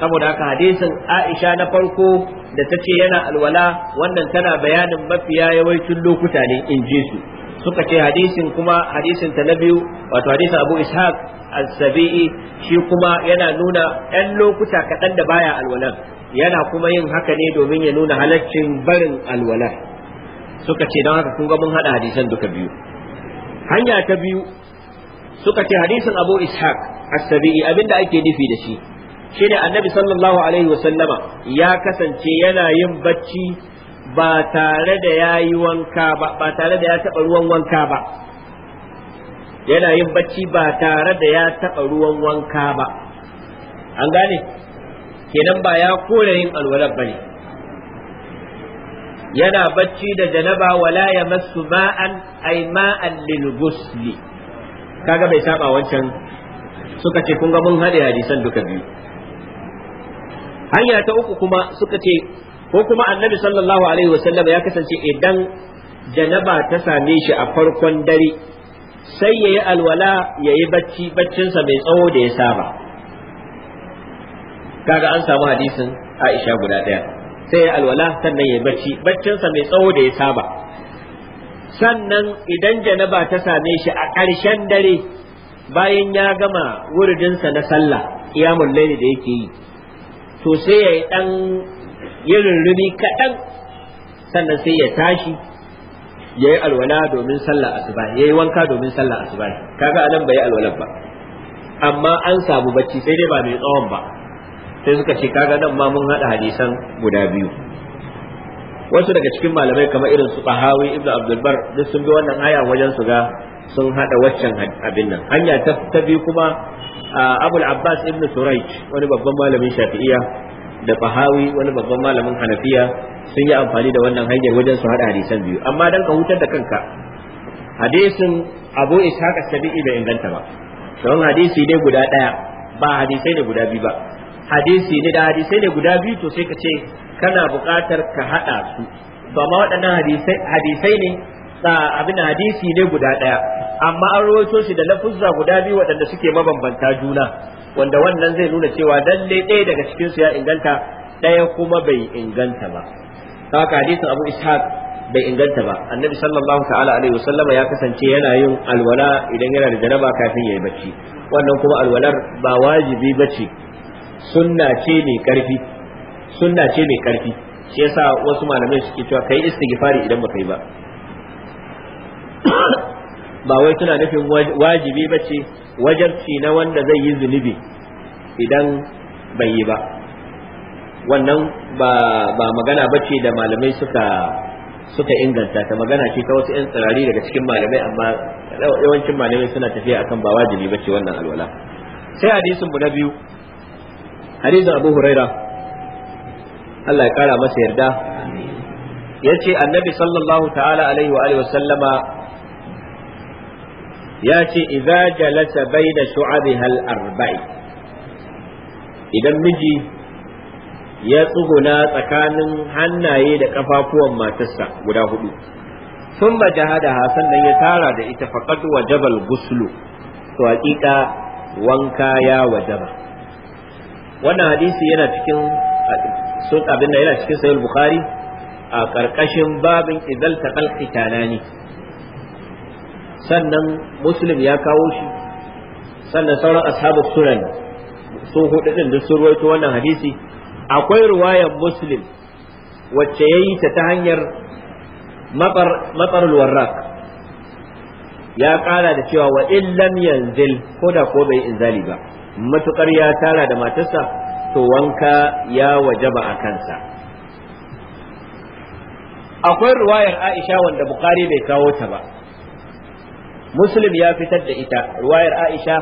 saboda haka hadisin Aisha na farko da ta ce yana alwala wannan tana bayanin mafiya yawancin lokuta ne in ji su suka ce hadisin kuma hadisin ta na biyu wato hadisin Abu Ishaq as-Sabi'i shi kuma yana nuna ɗan lokuta kaɗan da baya alwala yana kuma yin haka ne domin ya nuna halaccin barin alwala suka ce don haka kun ga mun haɗa hadisan duka biyu hanya ta biyu suka ce hadisin Abu Ishaq as-Sabi'i abinda ake nufi da shi shine annabi sallallahu alaihi wasallama ya kasance yana yin bacci ba tare da ya yi wanka ba ba tare da ya taɓa ruwan wanka ba yana yin bacci ba tare da ya taɓa ruwan wanka ba an gane kenan ba ya kore yin alwalar bane yana bacci da janaba wala ya masu ma'an ai ma'an lil ghusli kaga bai saba wancan suka ce kun ga mun hade hadisan duka biyu hanya ta uku kuma suka ce ko kuma annabi sallallahu alaihi wasallam ya kasance idan janaba ta same shi a farkon dare sai yayi alwala yayi bacci baccinsa mai tsawo da ya saba kaga an samu hadisin Aisha guda ɗaya sai ya alwala sannan ya bacci baccinsa mai tsawo da ya saba sannan idan janaba ta same shi a ƙarshen dare bayan ya gama wuridinsa na sallah iyamul laili da yake yi to sai ya yi ɗan yin rurrumi kaɗan sannan sai ya tashi ya yi alwala domin sallah asuba ya yi wanka domin sallah asuba kaga anan bai yi alwala ba amma an samu bacci sai dai ba mai tsawon ba sai suka ce kaga nan ma mun haɗa hadisan guda biyu wasu daga cikin malamai kamar irin su Bahawi ibnu Abdul Bar duk sun bi wannan aya wajen su ga sun haɗa waccan abin nan hanya ta biyu kuma abul abbas ibn suraij wani babban malamin shafi'iyya da fahawi wani babban malamin hanafiya sun yi amfani da wannan hanyar wajen su hada hadisan biyu amma dan ka hutar da kanka hadisin abu ishaq as-sabi'i bai inganta ba don hadisi ne guda daya ba hadisai ne guda biyu ba hadisi ne da hadisai ne guda biyu to sai ka ce kana buƙatar ka hada su to amma waɗannan hadisai ne abin hadisi ne guda ɗaya amma an rawaito shi da lafuzza guda biyu waɗanda suke mabambanta juna wanda wannan zai nuna cewa lalle ɗaya daga cikin su ya inganta ɗaya kuma bai inganta ba haka hadisin Abu Ishaq bai inganta ba annabi sallallahu ta'ala alaihi wasallama ya kasance yana yin alwala idan yana da janaba kafin yayi bacci wannan kuma alwalar ba wajibi bace sunna ce mai karfi sunna ce mai karfi shi yasa wasu malamai suke cewa kai istighfari idan baka yi ba ba wai suna nufin wajibi ba ce wajarci na wanda zai yi zunubi idan bai yi ba wannan ba magana ba ce da malamai suka suka inganta ta magana ce ta wasu 'yan tsirari daga cikin malamai amma yawancin malamai suna tafiya akan ba wajibi ba ce wannan alwala sai hadisin mu na biyu hadisin abu huraira Allah ya kara masa yarda ya ce annabi sallallahu ta'ala alaihi wa alihi wa sallama ya ce idza jalasa baina shu'abihal arba'i idan miji ya tsuguna tsakanin hannaye da kafafuwan matarsa guda hudu sun ba Hassan dan ya tara da ita faqad wajabal guslu to hakika wanka ya wajaba wannan hadisi yana cikin sun abin yana cikin sahih bukhari a karkashin babin idzal taqal qitanani sannan muslim ya kawo shi sannan sauran ashabu sunan su hudu din da sun ruwaito wannan hadisi akwai ruwayar muslim wacce ya yi ta ta hanyar matsar warraq ya kara da cewa wa illam yanzil ko da ko bai inzali ba matukar ya tara da matarsa to wanka ya waje ba a kansa akwai ruwayar aisha wanda bukari bai kawo ta ba muslim ya fitar da ita ruwayar aisha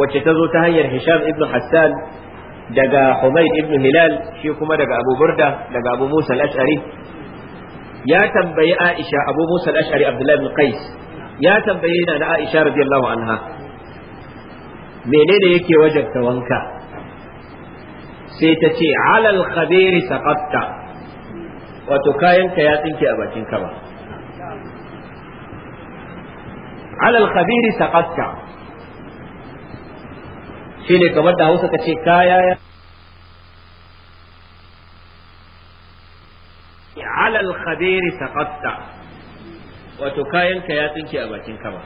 wacce ta zo ta hanyar hisham ibn hassan daga humayd ibn hilal shi kuma daga abu burda daga abu musa al-ash'ari ya tambayi aisha abu musa al-ash'ari abdullahi ibn qais na aisha menene yake wajabta wanka sai ta ce alal khabiri saqatta wato kayanka ya tsinke a bakin ka ba alal khabiri taqatta shine kamar da Hausa kace kaya ya alal khabiri taqatta wato kayanka ya tsinke a bakin kama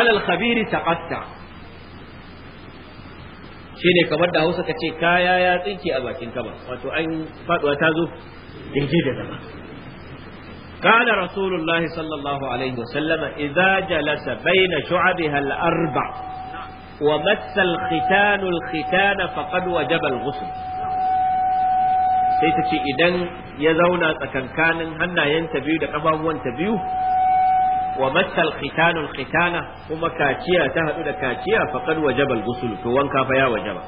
alal khabiri kamar da Hausa kace kaya ya tsinke a bakin kama wato an faɗuwa ta zo daidai da zama قال رسول الله صلى الله عليه وسلم إذا جلس بين شعبها الأربع ومس الختان الختان فقد وجب الغسل sai ta ce idan ya zauna tsakankanin hannayenta biyu da ƙafafuwanta biyu wa matsal khitanul khitana kuma kaciya ta haɗu da kaciya faqad wajaba al-ghusl to wanka fa ya wajaba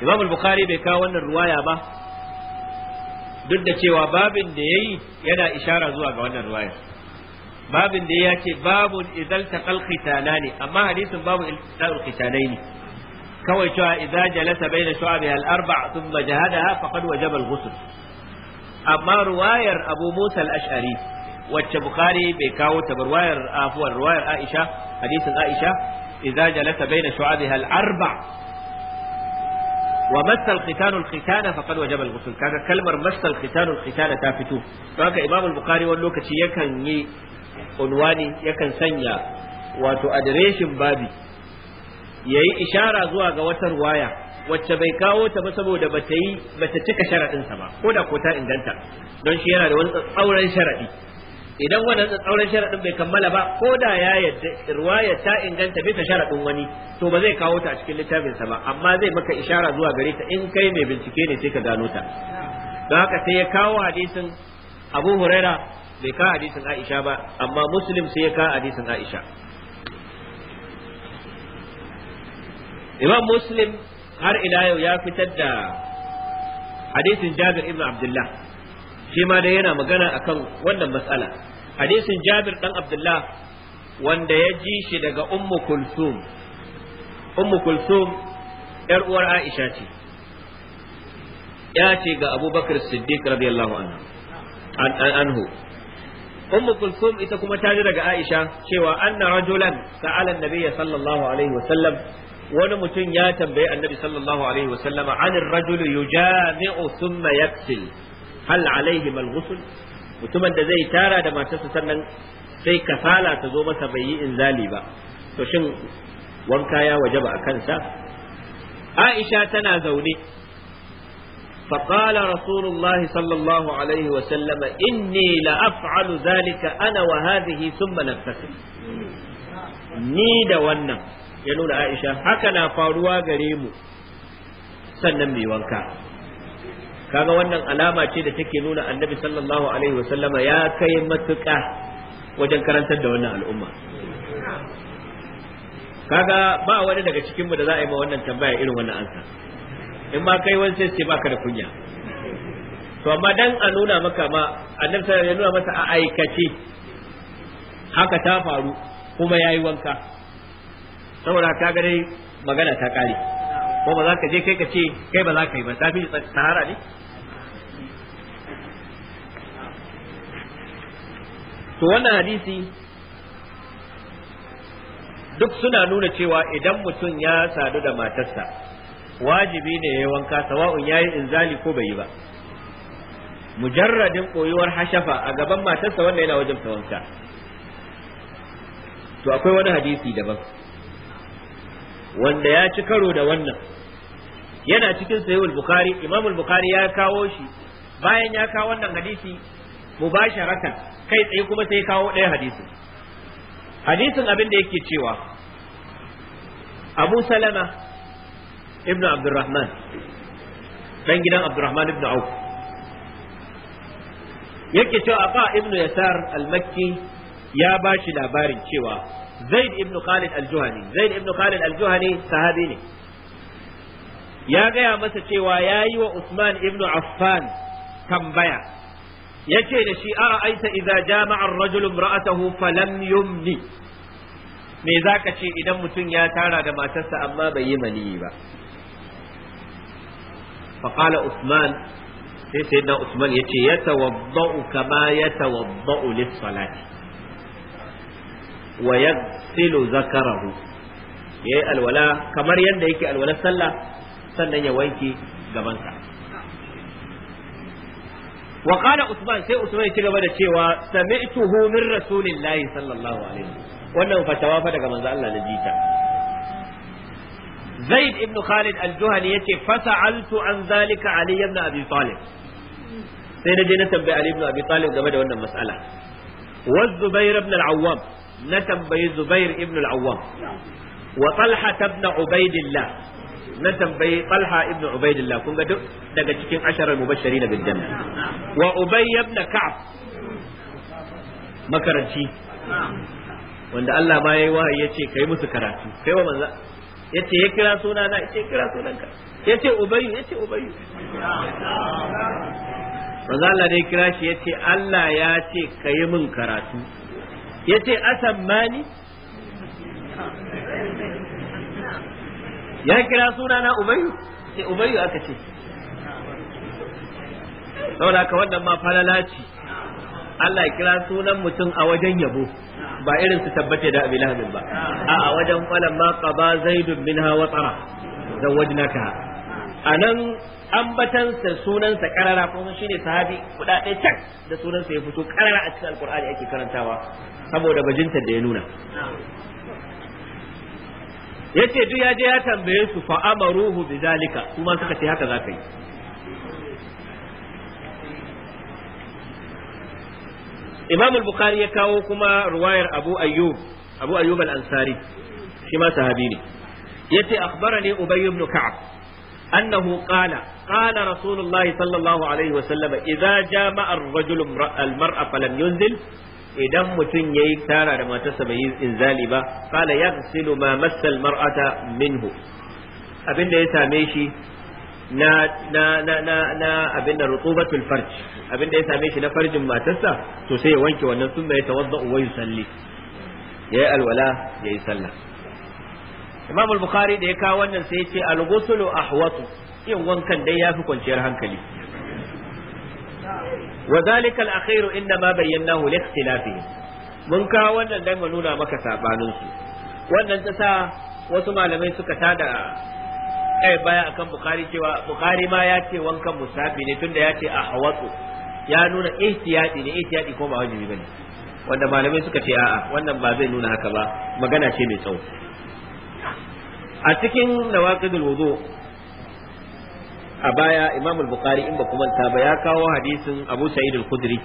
Imam al-Bukhari bai kawo wannan ruwaya ba duk da cewa babin da yayi yana ishara zuwa ga wannan ruwaya babin da ya ce babun idan taqal ne amma hadisin babu iltaqal qitalaini kawai cewa idza jalasa baina shu'abiha al-arba' thumma jahadaha faqad wajaba al-ghusl amma ruwayar Abu Musa al-Ash'ari wacce Bukhari bai kawo ta ruwayar afuwar ruwayar Aisha hadisin Aisha idza jalasa baina shu'abiha al-arba' wa masal khitanul khitana faqad wajaba al-ghusl kaga kalmar masal khitanul khitana ta fito don haka imam al-bukhari wani lokaci yakan yi unwani yakan sanya wato adireshin babi yayi ishara zuwa ga wata ruwaya wacce bai kawo ta ba saboda bata yi bata cika sharadin sa ba ko da ko ta inganta don shi yana da wani tsauran sharadi idan wannan tsauran sharadin bai kammala ba ko da ya yadda riwaya ta inganta bisa sharadin wani to ba zai kawo ta a cikin littafin sa ba amma zai maka ishara zuwa gare ta in kai mai bincike ne sai ka gano ta don haka sai ya kawo hadisin Abu Huraira bai kawo hadisin Aisha ba amma Muslim sai ya kawo hadisin Aisha Imam Muslim har ila yau ya fitar da hadisin Jabir ibn Abdullah shi ma dai yana magana akan wannan matsala hadisin jabir dan abdullah wanda ya ji shi daga ummu kulsum ummu kulsum yar uwar aisha ce ya ce ga abubakar siddiq radiyallahu anhu anhu ummu kulsum ita kuma ta ji daga aisha cewa anna rajulan sa'ala annabiyya sallallahu alaihi wasallam wani mutum ya tambayi annabi sallallahu alaihi wasallama anir rajulu yujami'u thumma yaksil hal alaihi mal ghusl mutumin da zai tara da matarsa sannan sai kasala ta zo masa bai yi inzali ba to shin wanka ya wajaba a kansa Aisha tana zaune فقال رسول الله صلى الله عليه وسلم إني لأفعل ذلك أنا وهذه ni da wannan ya nuna Aisha haka na faruwa gare mu sannan mai wanka kaga wannan alama ce da take nuna annabi sallallahu alaihi wasallama ya kai matuƙa wajen karantar da wannan al'umma kaga ba wani daga cikin mu da za a yi ma wannan tambaya irin wannan ansa in ma kai wani sai ce baka da kunya to amma dan a nuna maka ma annabi sallallahu ya nuna masa a aikace haka ta faru kuma yayi wanka saboda kaga dai magana ta kare ko ba za ka je kai ka ce kai ba za ka yi ba ta fi ne to wannan hadisi duk suna nuna cewa idan mutum ya sadu da matarsa wajibi ne ya wanka sawa'un ya yi inzali ko bai yi ba mujarradin koyuwar hashafa a gaban matarsa wanda yana wajen wanka to akwai wani hadisi daban wanda ya ci karo da wannan yana cikin sahihul bukhari imamul bukhari ya kawo shi bayan ya kawo wannan hadisi mubasharatan kai tsaye kuma sai kawo ɗaya hadisin hadisin abin da yake cewa Abu Salama ibn Abdurrahman dan gidan Abdurrahman ibn Auf yake cewa Aqa ibn Yasar al-Makki ya bashi labarin cewa Zaid ibn Khalid al-Juhani Zaid ibn Khalid al-Juhani sahabi ne ya gaya masa cewa ya yi wa Usman ibn Affan tambaya yace da shi ara aita idza jama'a ar-rajulu imra'atahu falam yumni me zaka ce idan mutum ya tara da matarsa amma bai yi mani ba fa qala usman sai sayyidina usman yace yatawaddau kama yatawaddau lis-salati wa yaghsilu zakarahu yayi alwala kamar yadda yake alwala sallah sannan ya wanke gabanka. wa qala usman sai usman ya ci gaba da cewa sami'tuhu min rasulillahi sallallahu alaihi wannan fatawa fa daga manzo Allah na jita zaid ibn khalid al-juhani yace fasa'altu an zalika ali ibn abi talib sai na je na tambayi ali ibn abi talib game da wannan mas'ala wa zubair ibn al-awwam na tambayi zubair ibn al-awwam wa talha ibn ubaidillah na tambayi Talha ibn Ubaidillah kun ga daga cikin asharar mubashirin na janna wa Ubay ibn Ka'ab makaranci wanda Allah ma yayi wahayi yace kai musu karatu kai wa manza yace ya kira suna na yace kira sunanka yace Ubay yace Ubay manza Allah ne kira shi yace Allah ya ce kai min karatu yace asammani ya kira suna na ubayu ce ubayu aka ce saboda haka wannan ma falala ce Allah ya kira sunan mutum a wajen yabo ba irin su tabbata da abi lahabin ba a a wajen falan ma qaba zaidun minha wa tara zawajnaka anan ambatan sa sunan sa karara ko shine sahabi guda ɗaya da sunansa ya fito karara a cikin alqur'ani ake karantawa saboda bajinta da ya nuna yace duk ya je ya tambaye su fa amaruhu bidalika kuma suka ce haka zaka yi Imam al-Bukhari ya kawo kuma ruwayar Abu Ayyub Abu Ayyub al-Ansari shi ma sahabi ne yace akhbarani Ubay ibn Ka'ab annahu qala qala Rasulullahi sallallahu alaihi wa sallam idza jama'a ar-rajulu al-mar'a falam yunzil idan mutum yayi tara da matarsa bai yi inzali ba qala yaghsilu ma massal mar'ata minhu ya same shi na na na na na abin da rutubatul farj abin da ya same shi na farjin matarsa to sai ya wanke wannan sun ya tawadda wa yusalli yi alwala yayi sallah Imam al-Bukhari da ya kawo wannan sai ya ce al-ghuslu ahwatu yin wankan dai yafi kwanciyar hankali wa zalika al-akhiru inda ma bayyanahu li ikhtilafihi mun kawo wannan dan mu nuna maka sabanin su wannan ta sa wasu malamai suka tada kai baya akan bukhari cewa bukhari ma ya ce wankan musafi ne tunda ya ce a ya nuna ihtiyadi ne ihtiyadi ko ba wajibi bane wanda malamai suka ce a'a wannan ba zai nuna haka ba magana ce mai tsawo a cikin nawaqidul wudu a baya Imam al-Bukhari in ba kuma ta ba ya kawo hadisin Abu Sa'id al-Khudri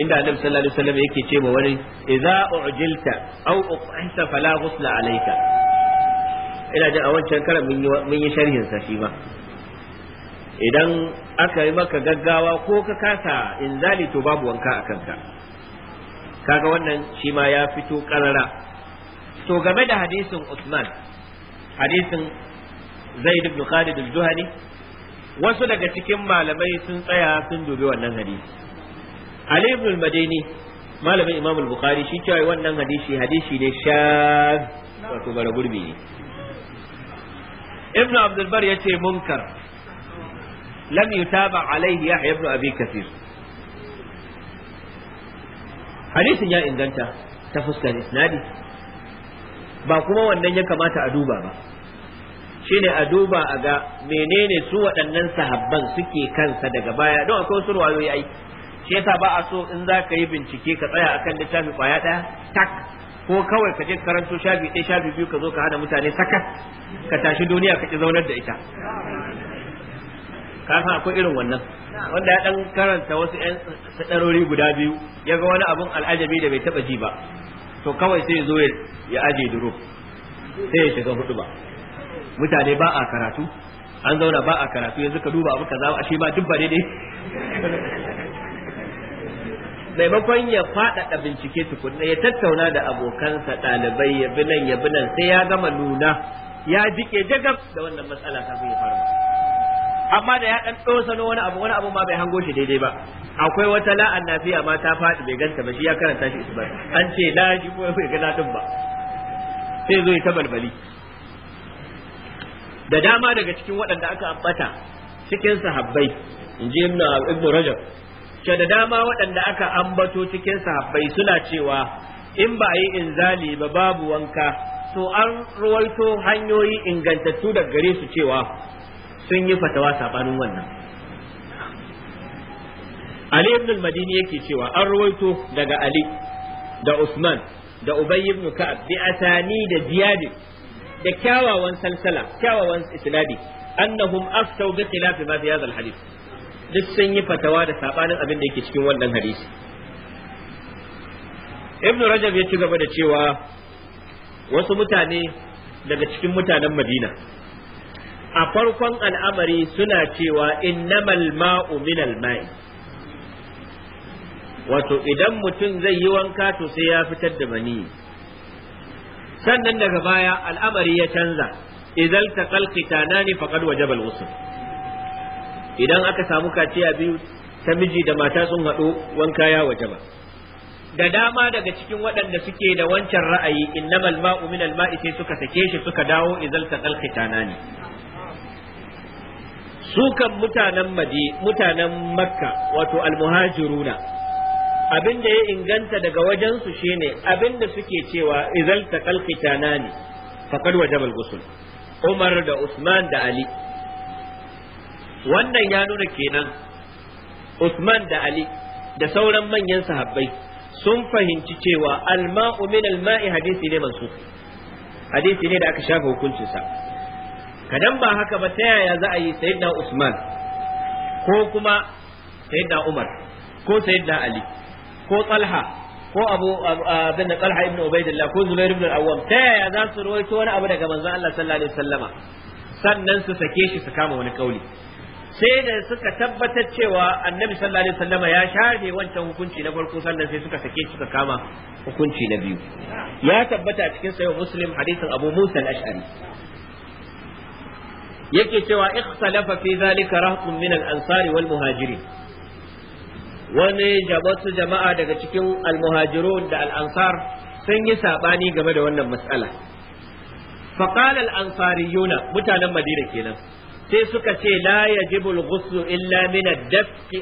inda Annabi sallallahu alaihi wasallam yake ce ma wani idza ujilta aw uqhisa fala ghusla alayka ina jin a wancan karan mun yi sharhin sa shi ba idan aka yi maka gaggawa ko ka kasa in zali to babu wanka a kanka kaga wannan shi ma ya fito karara to game da hadisin Usman hadisin Zaid ibn Khalid al-Juhani wasu daga cikin malamai sun tsaya sun dubi wannan hadisi ali ibn al-madini malamin imam al-bukhari shi cewa wannan hadisi hadisi ne shaz wato bara gurbi ne ibn abd al-bar yace munkar lam yutaba alayhi yahya ibn abi kathir hadisin ya inganta ta fuskar isnadi ba kuma wannan ya kamata a duba ba shine a duba a ga menene su waɗannan sahabban suke kansa daga baya don akwai wasu ruwayoyi ai shi yasa ba a so in za ka yi bincike ka tsaya akan littafi kwaya ɗaya tak ko kawai ka je karanto shafi ɗaya shafi biyu ka zo ka hana mutane sakat ka tashi duniya ka ki zaunar da ita ka san akwai irin wannan wanda ya dan karanta wasu yan sadarori guda biyu ya ga wani abun al'ajabi da bai taba ji ba to kawai sai ya zo ya aje duro sai ya shiga hudu ba mutane ba a karatu an zauna ba a karatu yanzu ka duba abu kaza ashe ba duk ba daidai maimakon ya faɗaɗa bincike tukunna ya tattauna da abokansa ɗalibai ya bi nan ya bi nan sai ya gama nuna ya jike jagab da wannan matsala ta ya fara amma da ya ɗan na wani abu wani abu ma bai hango shi daidai ba akwai wata la'an nafiya ma ta faɗi bai ganta ba shi ya karanta shi isbar an ce na shi ko bai ga ba sai zo ya ta balbali da dama daga cikin waɗanda aka ambata cikin sahabbai in ji ibn rajab ce da dama waɗanda aka ambato cikin sahabbai suna cewa in ba a yi inzali ba babu wanka to an ruwaito hanyoyi ingantattu daga gare su cewa sun yi fatawa sabanin wannan Ali ibn al-Madini yake cewa an ruwaito daga Ali da Usman da Ubay ibn Ka'ab bi asani da Ziyad da kyawawan salsala kyawawan isnadi annahum aftau bi khilafi ma fi hadha al hadith duk sun yi fatawa da sabanin abin da yake cikin wannan hadisi ibnu rajab ya ci gaba da cewa wasu mutane daga cikin mutanen madina a farkon al'amari suna cewa innamal ma'u minal mai wato idan mutum zai yi wanka to sai ya fitar da mani sannan daga baya al'amari ya canza idan na ne faqad wajaba al-ghusl idan aka samu kaciya biyu ta miji da mata sun haɗu wanka ya waje ba. da dama daga cikin waɗanda suke da wancan ra'ayi innamal ma'u min al-ma'i sai suka sake shi suka dawo idan taqal ne sukan mutanen madi mutanen makka wato al-muhajiruna abin da ya inganta daga wajensu shine abin da suke cewa izal taqal na faqad wajaba al-ghusl Umar da Usman da Ali wannan ya nuna kenan Usman da Ali da sauran manyan sahabbai sun fahimci cewa al-ma'u min al-ma'i hadisi ne mansuf hadisi ne da aka shafa hukuncinsa kadan ba haka ba ta yaya za a yi sayyidina Usman ko kuma sayyidina Umar ko sayyidina Ali ko talha ko abu abin talha ibn ubaidillah ko zubair ibn al-awwam ta yaya za su rawaito wani abu daga manzon Allah sallallahu alaihi wasallama sannan su sake shi su kama wani kauli sai da suka tabbatar cewa annabi sallallahu alaihi wasallama ya shafe wancan hukunci na farko sannan sai suka sake suka kama hukunci na biyu ya tabbata a cikin sahih muslim hadisin abu musa al-ash'ari yake cewa ikhtalafa fi zalika rahtun min al-ansari wal muhajirin wani wasu jama'a daga cikin almuhajirun da al'ansar sun yi saɓani game da wannan matsala. faƙal al'ansariyuna mutanen madina kenan sai suka ce la yajibul ghuslu illa min ad-dafqi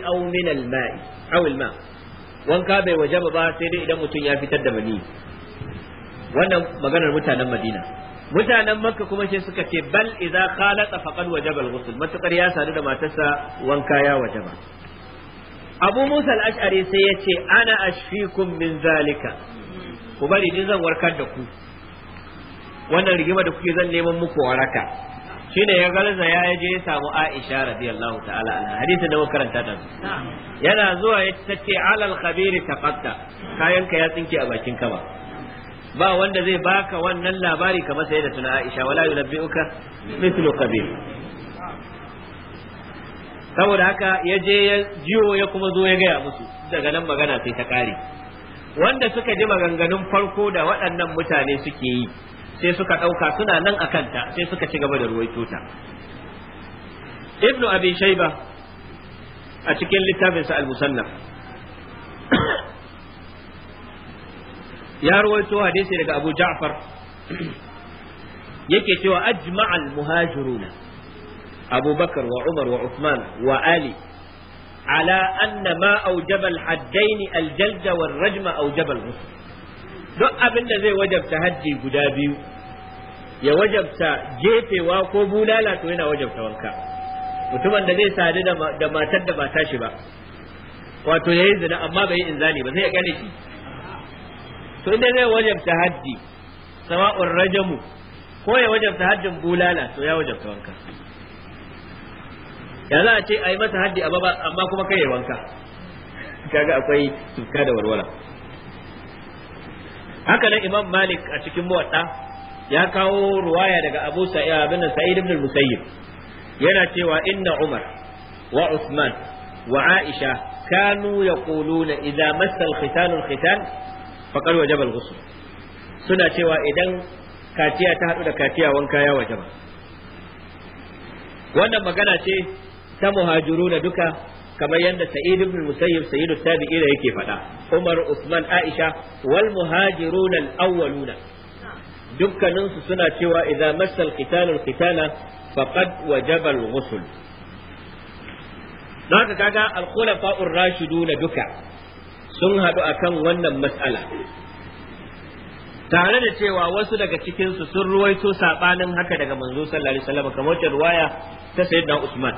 ma wanka bai wajaba ba sai dai idan mutum ya fitar da mani wannan maganar mutanen madina mutanen makka kuma sai suka ce bal idza khalata faqad wajaba al-ghusl ya sadu da matarsa wanka ya ba. abu musa al-ash'ari sai ya ce ana ashfikum min zalika ku bari ni zan warkar da ku wannan rigima da kuke zan neman muku waraka shine ya galza ya je ya samu Aisha radiyallahu ta'ala anha hadisin da muka karanta dan. yana zuwa ya tace alal khabiri taqatta kayanka ya tsinke a bakin kaba ba wanda zai baka wannan labari kamar sai da tuna Aisha wala yunabbi'uka mithlu khabir saboda haka ya je ya jiyo ya kuma zo ya gaya musu daga nan magana sai ta kare wanda suka ji maganganun farko da waɗannan mutane suke yi sai suka ɗauka suna nan a kanta sai suka ci gaba da ruwaito ta ibnu abi shaiba a cikin littafinsa al-musannaf ya ruwaito hadisi daga abu ja'far yake cewa ajma'al muhajiruna abubakar wa umar wa usman wa ala Annama aujabal aujaba al-haddain al-jalda wal rajma aujaba al-ghusl abin da zai wajabta haddi guda biyu ya wajabta jefewa ko bulala to yana wajabta wanka mutumin da zai sadu da matar da ba tashi ba wato yayi zina amma bai yi inzali ba sai ya kyale shi to inda zai wajabta ko ya wajabta hajjin bulala to ya wajabta wanka ya za a ce a yi mata haddi amma kuma kai ya wanka kaga akwai tuka da warwara haka nan imam malik a cikin muwadda ya kawo ruwaya daga abu sa'id sa'id ibn musayyib yana cewa inna umar wa usman wa aisha kanu yaquluna idza massa al-khitan al-khitan faqad wajaba al-ghusl suna cewa idan kaciya ta haɗu da kaciya wanka ya wajaba wannan magana ce ta muhajiruna duka kamar yadda sa'id ibn musayyib sayyidu tabi'in yake faɗa umar usman aisha wal muhajiruna al awwaluna dukkanin su suna cewa idza massal qital al qitala faqad wajaba al ghusl daga kaga al khulafa ar rashiduna duka sun haɗu akan wannan mas'ala tare da cewa wasu daga cikinsu sun ruwaito saɓanin haka daga manzo sallallahu alaihi wasallam kamar wacce ta sayyidina Usman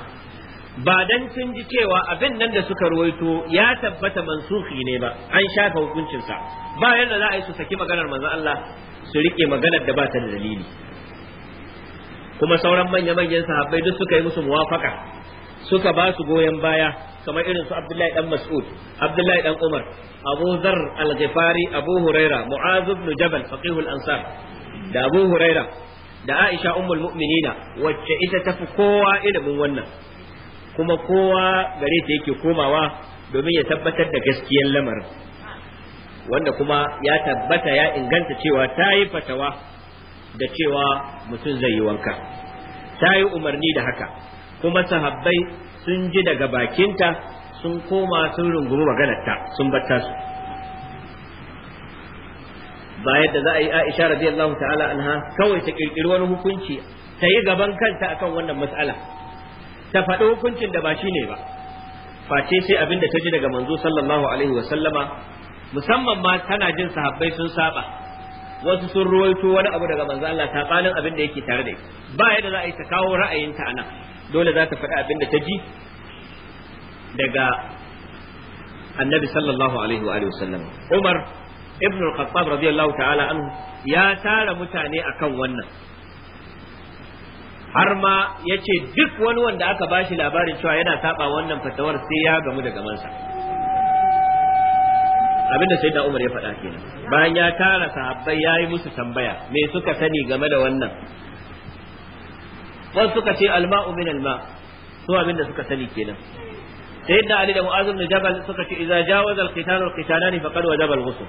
ba dan sun ji cewa abin nan da suka ruwaito ya tabbata mansuhi ne ba an shafa hukuncinsa ba yadda za a yi su saki maganar manzo Allah su rike maganar da ba ta da dalili kuma sauran manya-manyan sahabbai duk suka yi musu muwafaka suka ba su goyon baya kamar irin su Abdullahi dan Mas'ud Abdullahi dan Umar Abu Zar Al-Ghifari Abu Huraira Mu'az ibn Jabal faqihul ansar da Abu Huraira da Aisha ummul mu'minina wacce ita tafi kowa ilimin wannan kuma kowa gare ta yake komawa domin ya tabbatar da gaskiyar lamarin wanda kuma ya tabbata ya inganta cewa ta yi fatawa da cewa mutum zai yi wanka ta yi umarni da haka kuma sahabbai sun ji daga bakinta sun koma sun rungumi maganarta sun batta su ba yadda za a yi aisha radiyallahu ta'ala anha kawai ta kirkiri wani hukunci ta yi gaban kanta akan wannan mas'ala ta faɗi hukuncin da ba shi ne ba face sai abin da ta ji daga manzo sallallahu alaihi wa sallama musamman ma tana jin sahabbai sun saba wasu sun ruwaito wani abu daga manzo Allah sabanin abin da yake tare da ita ba yadda za a yi ta kawo ra'ayinta anan dole za ta faɗi abin da ta ji daga annabi sallallahu alaihi wa alihi Umar ibn al-Khattab radiyallahu ta'ala anhu ya tara mutane akan wannan har ma ya ce duk wani wanda aka bashi labarin cewa yana saba wannan fatawar sai ya gamu da gamansa abinda sai da umar ya faɗa kenan bayan ya tara sahabbai ya yi musu tambaya me suka sani game da wannan wasu suka ce alma'u min alma su abinda suka sani kenan sai da ali da mu'azim da jabal suka ce idza jawaza al-qital al-qitalani faqad wajaba al-ghusl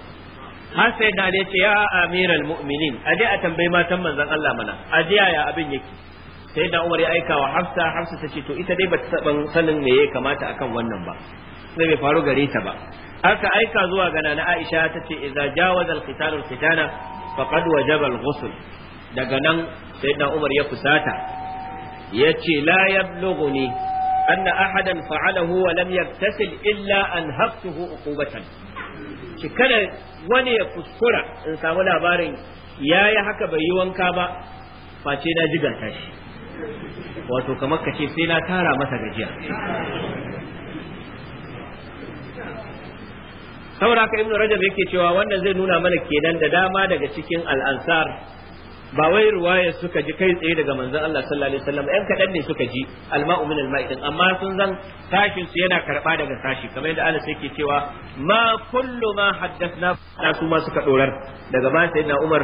har sai da ali ya ce ya amiral mu'minin aje a tambayi matan manzon Allah mana aje ya abin yake sai da umar ya aika wa hafsa hafsa ta ce to ita dai bata saban sanin me ya kamata akan wannan ba sai bai faru gare ta ba aka aika zuwa ga nana aisha ta ce idza jawaza al-qital al-qitana faqad wajaba al-ghusl daga nan sai da umar ya fusata yace la yablughuni anna ahadan fa'alahu wa lam yaktasil illa an haftuhu uqubatan shi kada wani ya kuskura in samu labarin yayi haka bai yi wanka ba face na jigarta shi wato kamar ka ce sai na tara masa gajiya saboda haka ibnu rajab yake cewa wannan zai nuna mana kenan da dama daga cikin al'ansar ba wai ruwaya suka ji kai tsaye daga manzon Allah sallallahu alaihi wasallam ɗan kaɗan ne suka ji alma'u min al-ma'idin amma sun zan tashin su yana karɓa daga sashi kamar yadda Allah yake cewa ma kullu ma haddathna su ma suka dorar daga ba sayyidina Umar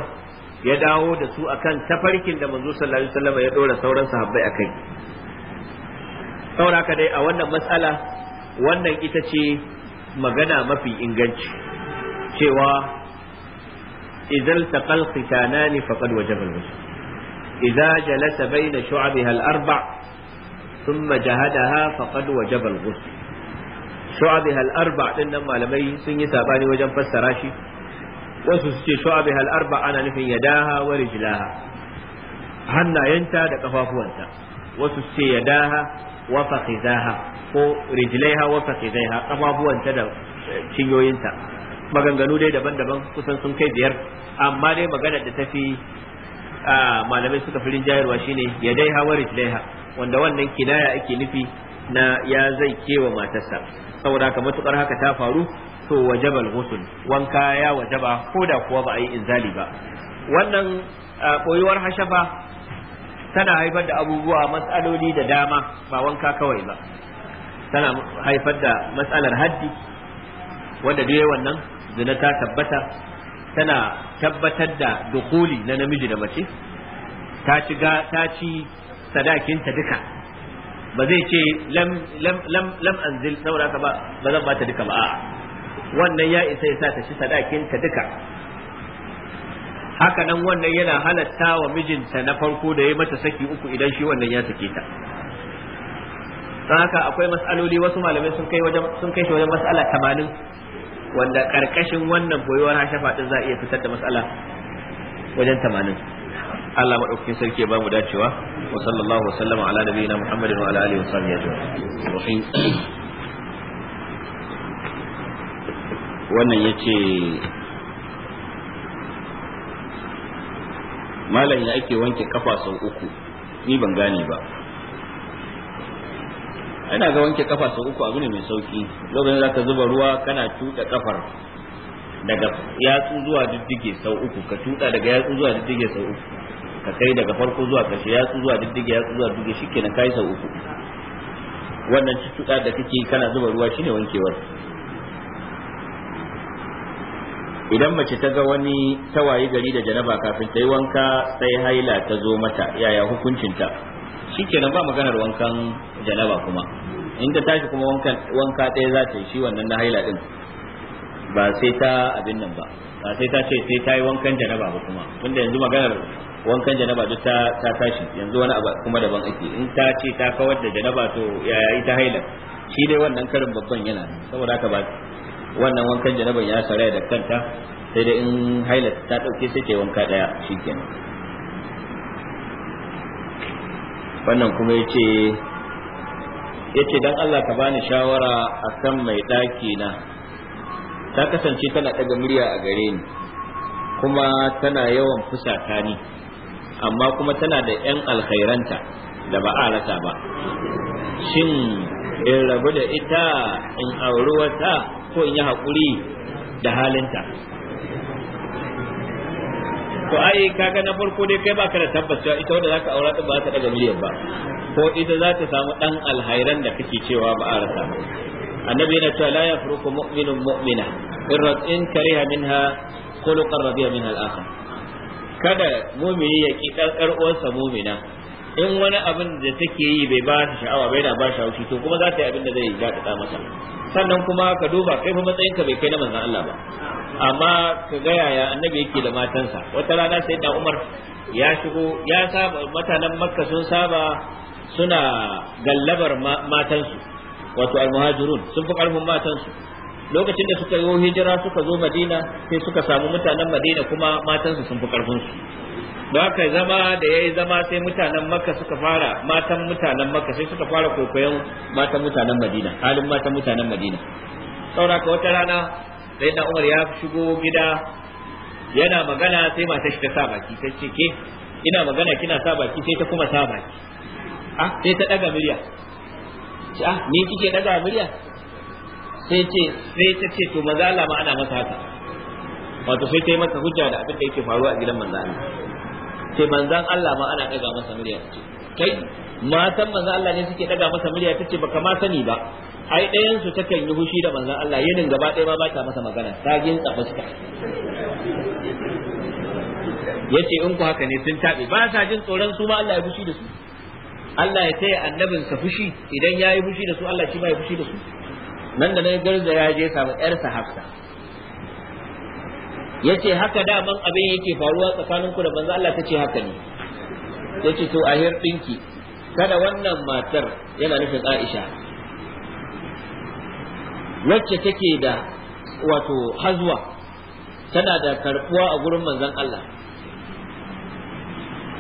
ya dawo da su akan tafarkin da manzo sallallahu alaihi wasallam ya dora sauran sahabbai akai sauraka dai a wannan matsala wannan ita ce magana mafi inganci cewa idan taqal qitanani faqad wajaba al-ghusl idza jalasa bayna shu'abiha al-arba' thumma jahadaha faqad wajaba al-ghusl shu'abiha al-arba' din nan malamai sun yi sabani wajen fassara shi wasu su ce shu'abi hal arba ana nufin yadaha wa rijlaha hannayenta da kafafuwanta wasu su yadaha wa fakhidaha ko rijlaiha wa fakhidaiha kafafuwanta da eh, cinyoyinta maganganu dai daban-daban kusan sun kai biyar amma dai maganar da tafi malamai suka fi jayarwa shine yadaiha wa rijlaiha wanda wannan kinaya ake nufi na ya zai kewa matarsa saboda haka matukar haka ta faru to wajaba al-ghusl wanka ya wajaba ko da kuwa ba a yi inzali ba wannan koyuwar hashafa tana haifar da abubuwa masaloli da dama ba wanka kawai ba tana haifar da matsalar haddi wanda duk wannan zina ta tabbata tana tabbatar da dukuli na namiji da mace ta ci ta ci sadakinta duka ba zai ce lam lam lam anzil saboda ba ba zan bata duka ba a'a wannan ya isa ya sa ta ci sadakinta duka haka nan wannan yana halatta wa mijinta na farko da ya mata saki uku idan shi wannan ya sake ta don haka akwai mas'aloli wasu malamai sun kai wajen sun kai shi wajen mas'ala tamanin wanda karkashin wannan boyuwar hashafa din za a iya fitar da mas'ala wajen tamanin. Allah madaukakin sarki ya mu dacewa wa sallallahu wa sallama ala nabiyina Muhammadin wa ala alihi wa sahbihi ajma'in wannan ya ce malam ya ake wanke kafa sau uku ni ban gane ba ana ga wanke kafa sau uku abu ne mai sauki lokacin za ka zuba ruwa kana tuɗa kafar daga yatsu zuwa diddige sau uku ka tuɗa daga yatsu zuwa diddige sau uku ka kai daga farko zuwa ƙarshe yatsu zuwa diddige yatsu zuwa diddige shikenan kai sau uku wannan tuɗa da kake kana zuba ruwa shine wankewar idan mace ta ga wani tawaye gari da janaba kafin ta yi wanka sai haila ta zo mata yaya hukuncinta shi shikenan ba maganar wankan janaba kuma in ta tashi kuma wanka ɗaya za ta yi shi wannan na haila ɗin ba sai ta abin nan ba ba sai ta ce sai ta yi wankan janaba ba kuma tunda yanzu maganar wankan janaba duk ta ta tashi yanzu wani abu kuma daban ake in ta ce ta kawar da janaba to yaya ita haila shi dai wannan karin babban yana saboda haka ba wannan wankan janabar ya saraya da kanta sai dai in haila ta dauke sai ta wanka daya shikenan wannan kuma yace yace dan Allah ka bani shawara akan mai daki na ta kasance tana ɗaga murya a gare ni kuma tana yawan fusata ni amma kuma tana da 'yan alkhairanta da ba a rasa ba shin in rabu da ita in auri wata ko in yi haƙuri da halinta to ai kaga na farko dai kai baka da tabbas cewa ita wanda zaka aura din ba ta daga miliyan ba ko ita za ta samu dan alhairan da kake cewa ba a rasa ba annabi yana cewa la yafruku mu'minun mu'mina in in kariha minha khuluqan radiya min al-akhar kada mumini ya ki dan uwansa mumina in wani abin da take yi bai ba shi sha'awa bai na ba shi haushi to kuma za ta yi abin da zai daɗaɗa masa sannan kuma ka duba kai fa matsayinka bai kai na manzon Allah ba amma ka ga yaya annabi yake da matansa wata rana sai da Umar ya shigo ya saba mutanen Makka sun saba suna gallabar matansu wato al almuhajirun sun fi karfin matansu lokacin da suka yi hijira suka zo madina sai suka samu mutanen madina kuma matansu sun fi karfin su da haka zama da yayi zama sai mutanen makka suka fara matan mutanen makka sai suka fara kokoyon matan mutanen madina halin matan mutanen madina saboda ka wata rana sai da umar ya shigo gida yana magana sai mata shi ta sa baki ta ce ke ina magana kina sa baki sai ta kuma sa baki ah sai ta daga murya ah ni kike daga murya sai ce sai ta ce to maza Allah ma ana masa haka wato sai ta yi masa hujja da abin da yake faruwa a gidan manzan Allah ce manzan Allah ma ana daga masa murya ce kai matan manzan Allah ne suke daga masa murya ta ce baka ma sani ba ai ɗayan su kan yi hushi da manzan Allah yinin gaba ɗaya ma ba ta masa magana ta gintsa suka yace in ku haka ne sun tabe ba sa jin tsoron su ma Allah ya fushi da su Allah ya taya annabinsa fushi idan ya yi fushi da su Allah shi ma ya fushi da su nan da nan garza ya je samu yarsa hafsa yace haka daman abin yake faruwa tsakanin ku da manzo Allah ta ce haka ne yace to ahir dinki kada wannan matar yana nufin Aisha wacce take da wato hazuwa tana da karbuwa a gurin manzon Allah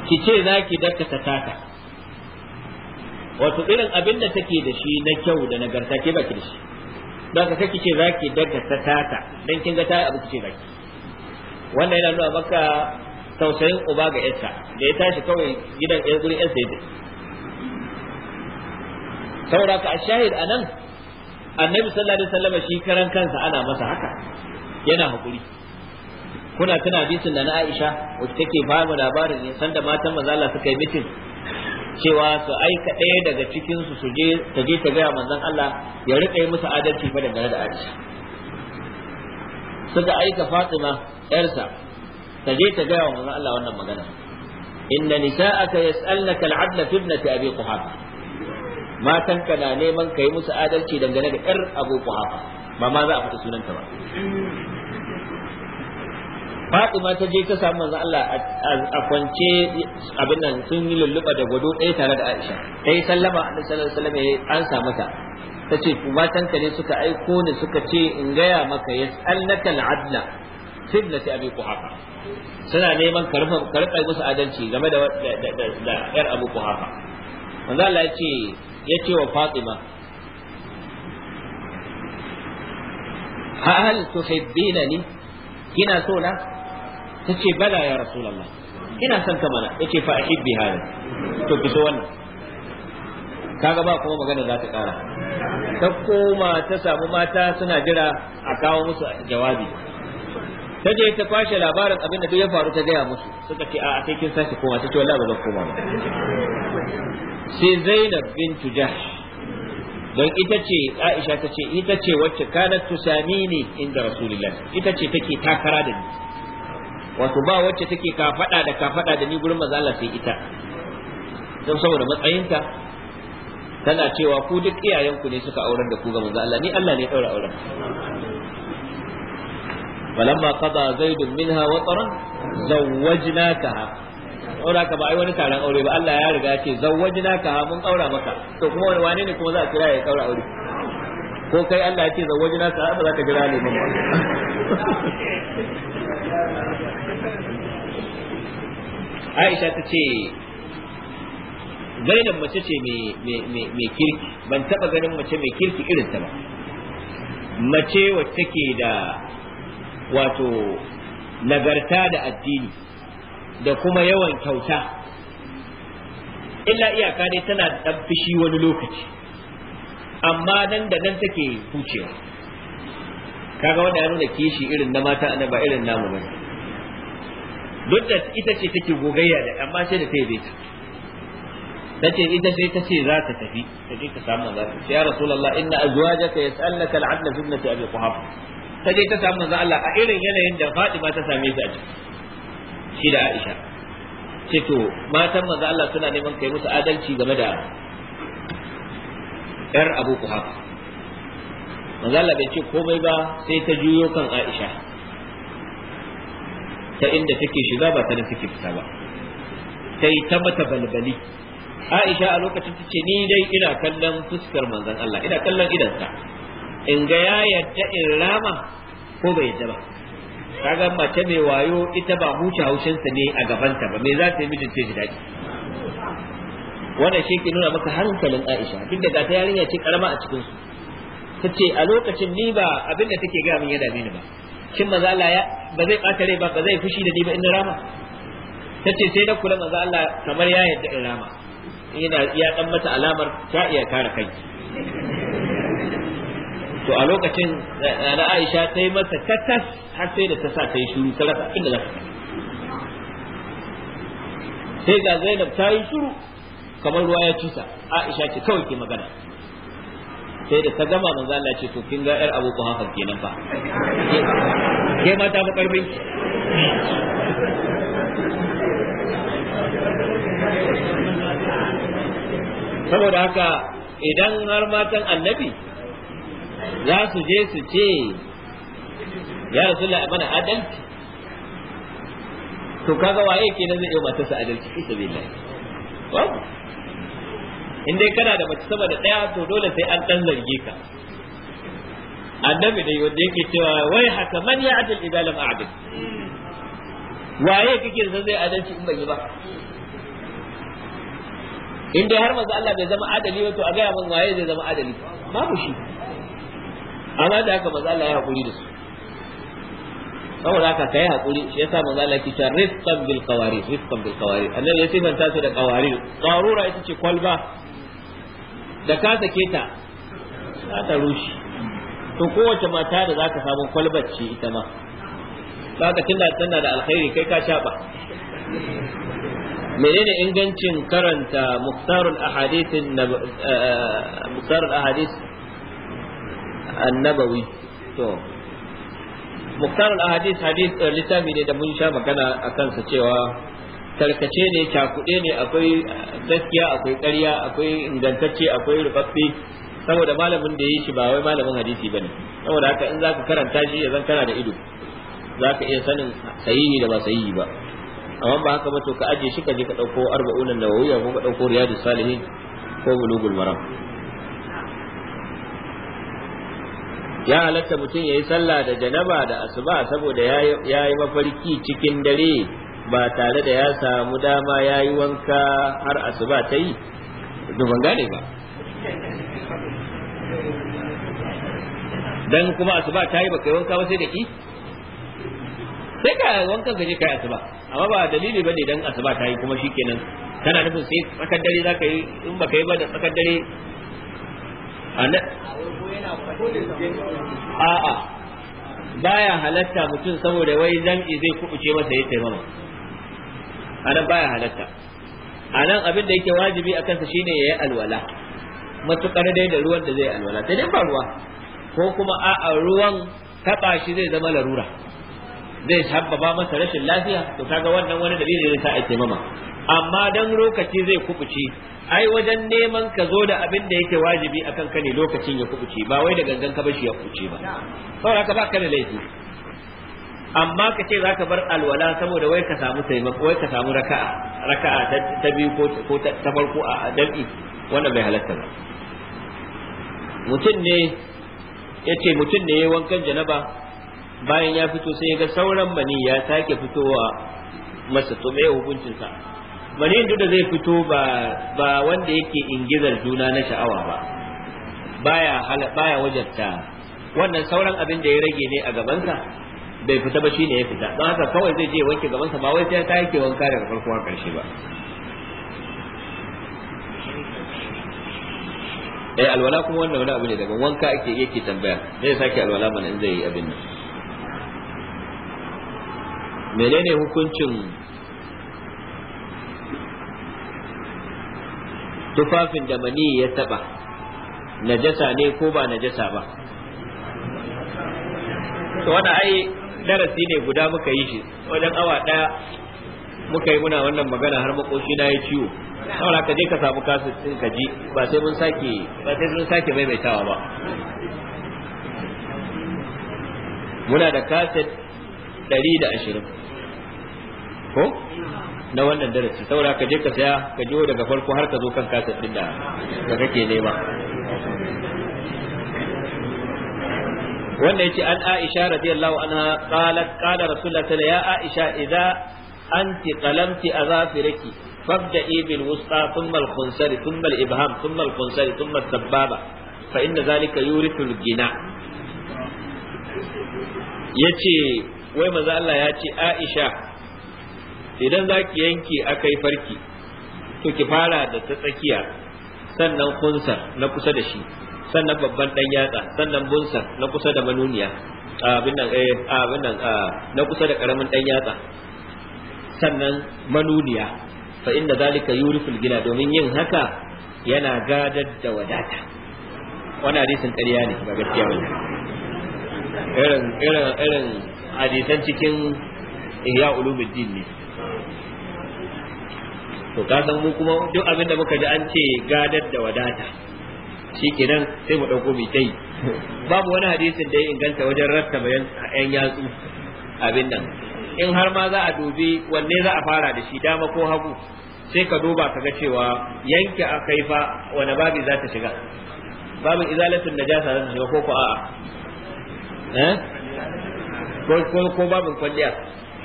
ki ce zaki dakata taka wato irin abin da take da shi na kyau da nagarta ke baki da shi Da ka kake ce zaki daga ta tata don kin ga ta abu ce zaki wannan yana nuna maka tausayin uba ga yarsa da ya tashi kawai gidan yan gurin yarsa ya saboda ka a anan annabi sallallahu alaihi wasallam shi karan kansa ana masa haka yana hakuri kuna tana bisin da na Aisha wacce take ba mu labarin ne sanda matan manzo Allah suka yi mitin cewa su aika ɗaya daga cikin su su je ta je ta gaya manzon Allah ya rika yi musu adalci fa dangane da Aisha suka aika Fatima yarsa ta je ta gaya wa manzon Allah wannan magana inna nisa'aka yas'alnaka al-'adla fi ibnati abi quhafa matan ka na neman yi musu adalci dangane da yar abu quhafa ba ma za a fita sunanta ba Fatima ta je ta samu manzo Allah a kwance abin nan sun yi lulluba da gwado ɗaya tare da Aisha ta yi sallama a sallallahu alaihi wasallam an samu ta ta ce ka ne suka aiko ni suka ce in gaya maka ya yas'alnaka al'adla sibnati abi quhafa suna neman ka rufa musu adalci game da da yar abu quhafa manzo Allah ya ce ya ce wa Fatima hal tuhibbinani kina so na ta ce bala ya rasulullah ina son ka mana yace fa bi hada to ki so wannan kaga ba kuma magana za ta kara ta koma ta samu mata suna jira a kawo musu jawabi ta je ta kwashe labarin abin da ya faru ta gaya musu suka ce a sai kin sake koma ta ce wallahi ba zan koma ba sai Zainab bintu Jahsh don ita ce Aisha ta ce ita ce wacce kanat tusamini inda rasulullahi ita ce take takara da ni wato ba wacce take kafada da kafada da ni gurin manzo Allah sai ita don saboda matsayinta tana cewa ku duk iyayenku ne suka aurar da ku ga manzo Allah ni Allah ne daura auren falamma qada zaid minha wataran zawwajnakaha aura ka ba ai wani taron aure ba Allah ya riga ya ce zawwajnakaha mun aura maka to kuma wani wane ne kuma za a kira ya daura aure ko kai Allah ya ce zawwajnakaha ba za ka jira ne ba (laughs) aisha ta ce zainab mace ce mai kirki ban taba ganin mace mai kirki irin ta ba mace wacce ke da wato nagarta da addini da kuma yawan kyauta illa iyaka dai tana ɗan fishi wani lokaci amma nan da nan take hucewa kaga wanda ya nuna kishi irin na mata ba irin namu bane duk da ita ce take gogayya da amma sai da ta yi ta ce ita sai ta ce za ta tafi ta je ta samu za ta ya rasulullah inna azwajaka yas'alnaka al'adla sunnati abi quhaf ta je ta samu manzo Allah a irin yanayin da Fatima ta same shi a shi da Aisha ce to matan manzo Allah suna neman kai musu adalci game da yar Abu Quhaf manzo Allah bai ce komai ba sai ta juyo kan Aisha ta inda take shiga ba ta da take fita ba ta yi ta mata balbali Aisha a lokacin ta ce ni dai ina kallon fuskar manzon Allah ina kallon idansa in ga ya yadda in rama ko bai yadda ba kaga mace mai wayo ita ba huce haushinsa ne a gabanta ba me za ta yi mijin ce daɗi wannan shi ke nuna maka hankalin Aisha duk da ta yarinya ce karama a cikin su ce a lokacin ni ba abinda da take gaya min ya dame ni ba shin maza Allah ya ba zai ɓata rai ba ba zai fushi da ni ba in rama Ta ce sai na kula maza Allah kamar ya yadda in rama yana ya ɗan mata alamar ta iya kare kai to a lokacin na Aisha ta yi masa tatas har sai da ta sa ta yi shiru ta rasa inda za sai ga Zainab ta yi shiru kamar ruwa ya cusa Aisha ce kawai ke magana sai da ta gama manzo Allah ce to kin ga yar Abu Quhafa kenan fa ke ma ta fi saboda haka idan har matan annabi za su je su ce ya rasulullah mana adalci to kaga waye kenan zai yi matarsa adalci fi sabilillah in dai kana da mace sama da ɗaya to dole sai an ɗan zarge ka annabi dai wanda yake cewa wai haka man ya adil idan lam a'dil waye kake da zai adalci in bai yi ba in dai har manzo Allah bai zama adali ba to a gaya min waye zai zama adali babu shi amma da haka manzo Allah ya hakuri da su saboda haka kai hakuri shi yasa manzo Allah yake cewa rizqan bil qawarir rizqan bil qawarir annabi ya sifanta su da qawarir qarura ita ce kwalba da ka sake ta za ta rushe to kowace mata da za ka samu kwalbacci ita ma za ka tunda tana da alkhairi kai ka shaɓa menene ingancin karanta muktarul ahadithin eh, eh, muktarul ahadith annabawi to muktarul ahadith hadith eh, littafi ne da mun sha magana a kansa cewa tarkace ne cakuɗe ne akwai gaskiya akwai ƙarya akwai ingantacce akwai rufaffe saboda malamin da yi shi ba wai malamin hadisi bane saboda haka in zaka karanta shi ya zan kana da ido zaka iya sanin sahihi da ba sahihi ba amma ba haka ba to ka aje shi ka je ka dauko arba'un nawawiyya ko ka dauko riyadus salihin ko bulugul maram ya halatta mutum ya yi sallah da janaba da asuba saboda ya yi mafarki cikin dare ba tare da ya samu dama ya yi wanka har asuba ta yi ban gane ba dan kuma asuba ta yi baka yi wanka ba sai da ki sai ka wankan ka je kai asuba amma ba dalili bane dan asuba ta yi kuma shikenan kana nufin sai tsakar dare ka yi in baka yi ba da tsakar dare a'a baya halatta mutum saboda wai zam'i zai kubuce masa ya taimama anan baya halatta anan abin da yake wajibi a kansa shine yi alwala matukar dai da ruwan da zai alwala sai dai ba ruwa ko kuma a ruwan kaɓa shi zai zama larura zai sabbaba masa rashin lafiya to kaga wannan wani dalili ne sa ake mama amma dan lokaci zai kubuce ai wajen neman ka zo da abin da yake wajibi akan ka ne lokacin ya kubuce ba wai da gangan ka bashi ya kubuce ba saboda haka ba ka da laifi amma ka ce za ka bar alwala saboda wai ka samu wai ka samu raka'a raka'a ta biyu ko ta farko a dabi wannan bai halatta ba mutum ne yace mutum ne ya wankan janaba bayan ya fito sai ya ga sauran mani ya sake fitowa masa to mai hukuncin mani duk da zai fito ba ba wanda yake ingizar juna na sha'awa ba baya baya wajarta wannan sauran abin da ya rage ne a gabansa bai fita ba shine ya fita don haka kawai zai je wanke gaban sa ba wai sai ta yake wanka daga farko har karshe ba eh alwala kuma wannan wani abu ne daga wanka ake yake tambaya zai sake alwala mana in zai yi abin nan menene hukuncin tufafin da mani ya taba najasa ne ko ba najasa ba To wannan ai darasi ne guda muka yi shi wajen awa ɗaya muka yi muna wannan magana har makoshi na ya ciwo saboda ka je ka samu kasu din ka ji ba sai mun sake ba sai mun sake maimaitawa ba muna da kaset ashirin ko na wannan darasi saboda ka je ka saya ka jiwo daga farko har ka zo kan kaset ɗin da kake nema wanda ya ce an Aisha radiyallahu anha qalat qala rasulullah ya Aisha idza anti qalamti azafiriki fabda'i bil wusta thumma al khunsari thumma al ibham thumma al khunsari thumma al sababa fa inna zalika yurithu al gina yace wai manzo Allah ya ce Aisha idan zaki yanke akai farki to ki fara da ta tsakiya sannan kunsa na kusa da shi sannan babban dan yatsa sannan bunsa na kusa da manuniya abin nan eh abin nan na kusa da karamin dan yatsa sannan manuniya fa inda zalika yuriful gina domin yin haka yana gadar da wadata wani hadisin ƙarya ne ba gaskiya ba irin irin irin hadisan cikin ihya ulumuddin ne to ka san mu kuma duk abin da muka ji an ce gadar da wadata shi kenan sai mu ɗauko mai tai babu wani hadisin da ya inganta wajen rattaba ɗan yatsu abin nan in har ma za a dubi wanne za a fara da shi dama ko hagu sai ka duba ka ga cewa yanke a kaifa wani babi za ta shiga babin izalatun najasa za ta shiga ko ko a'a eh? ko ko babin kwalliya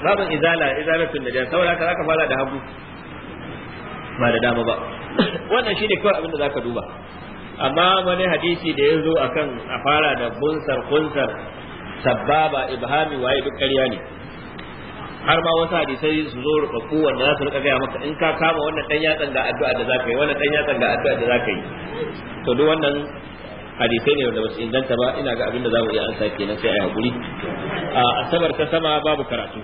babin izala izalatun najasa saboda haka zaka fara da hagu ba da dama ba (coughs) wannan shine kawai abin da zaka duba amma wani hadisi da ya zo akan a fara da bunsar kunsar sababa ibhami waye duk ƙarya ne har ma wasu hadisai su zo rubabbu wanda za su rika gaya maka in ka kama wannan dan yatsan ga addu'a da ka yi wannan dan yatsan ga addu'a da ka yi to duk wannan hadisai ne wanda ba su inganta ba ina ga abin da za mu iya ansa kenan sai a yi hakuri a asabar ta sama babu karatu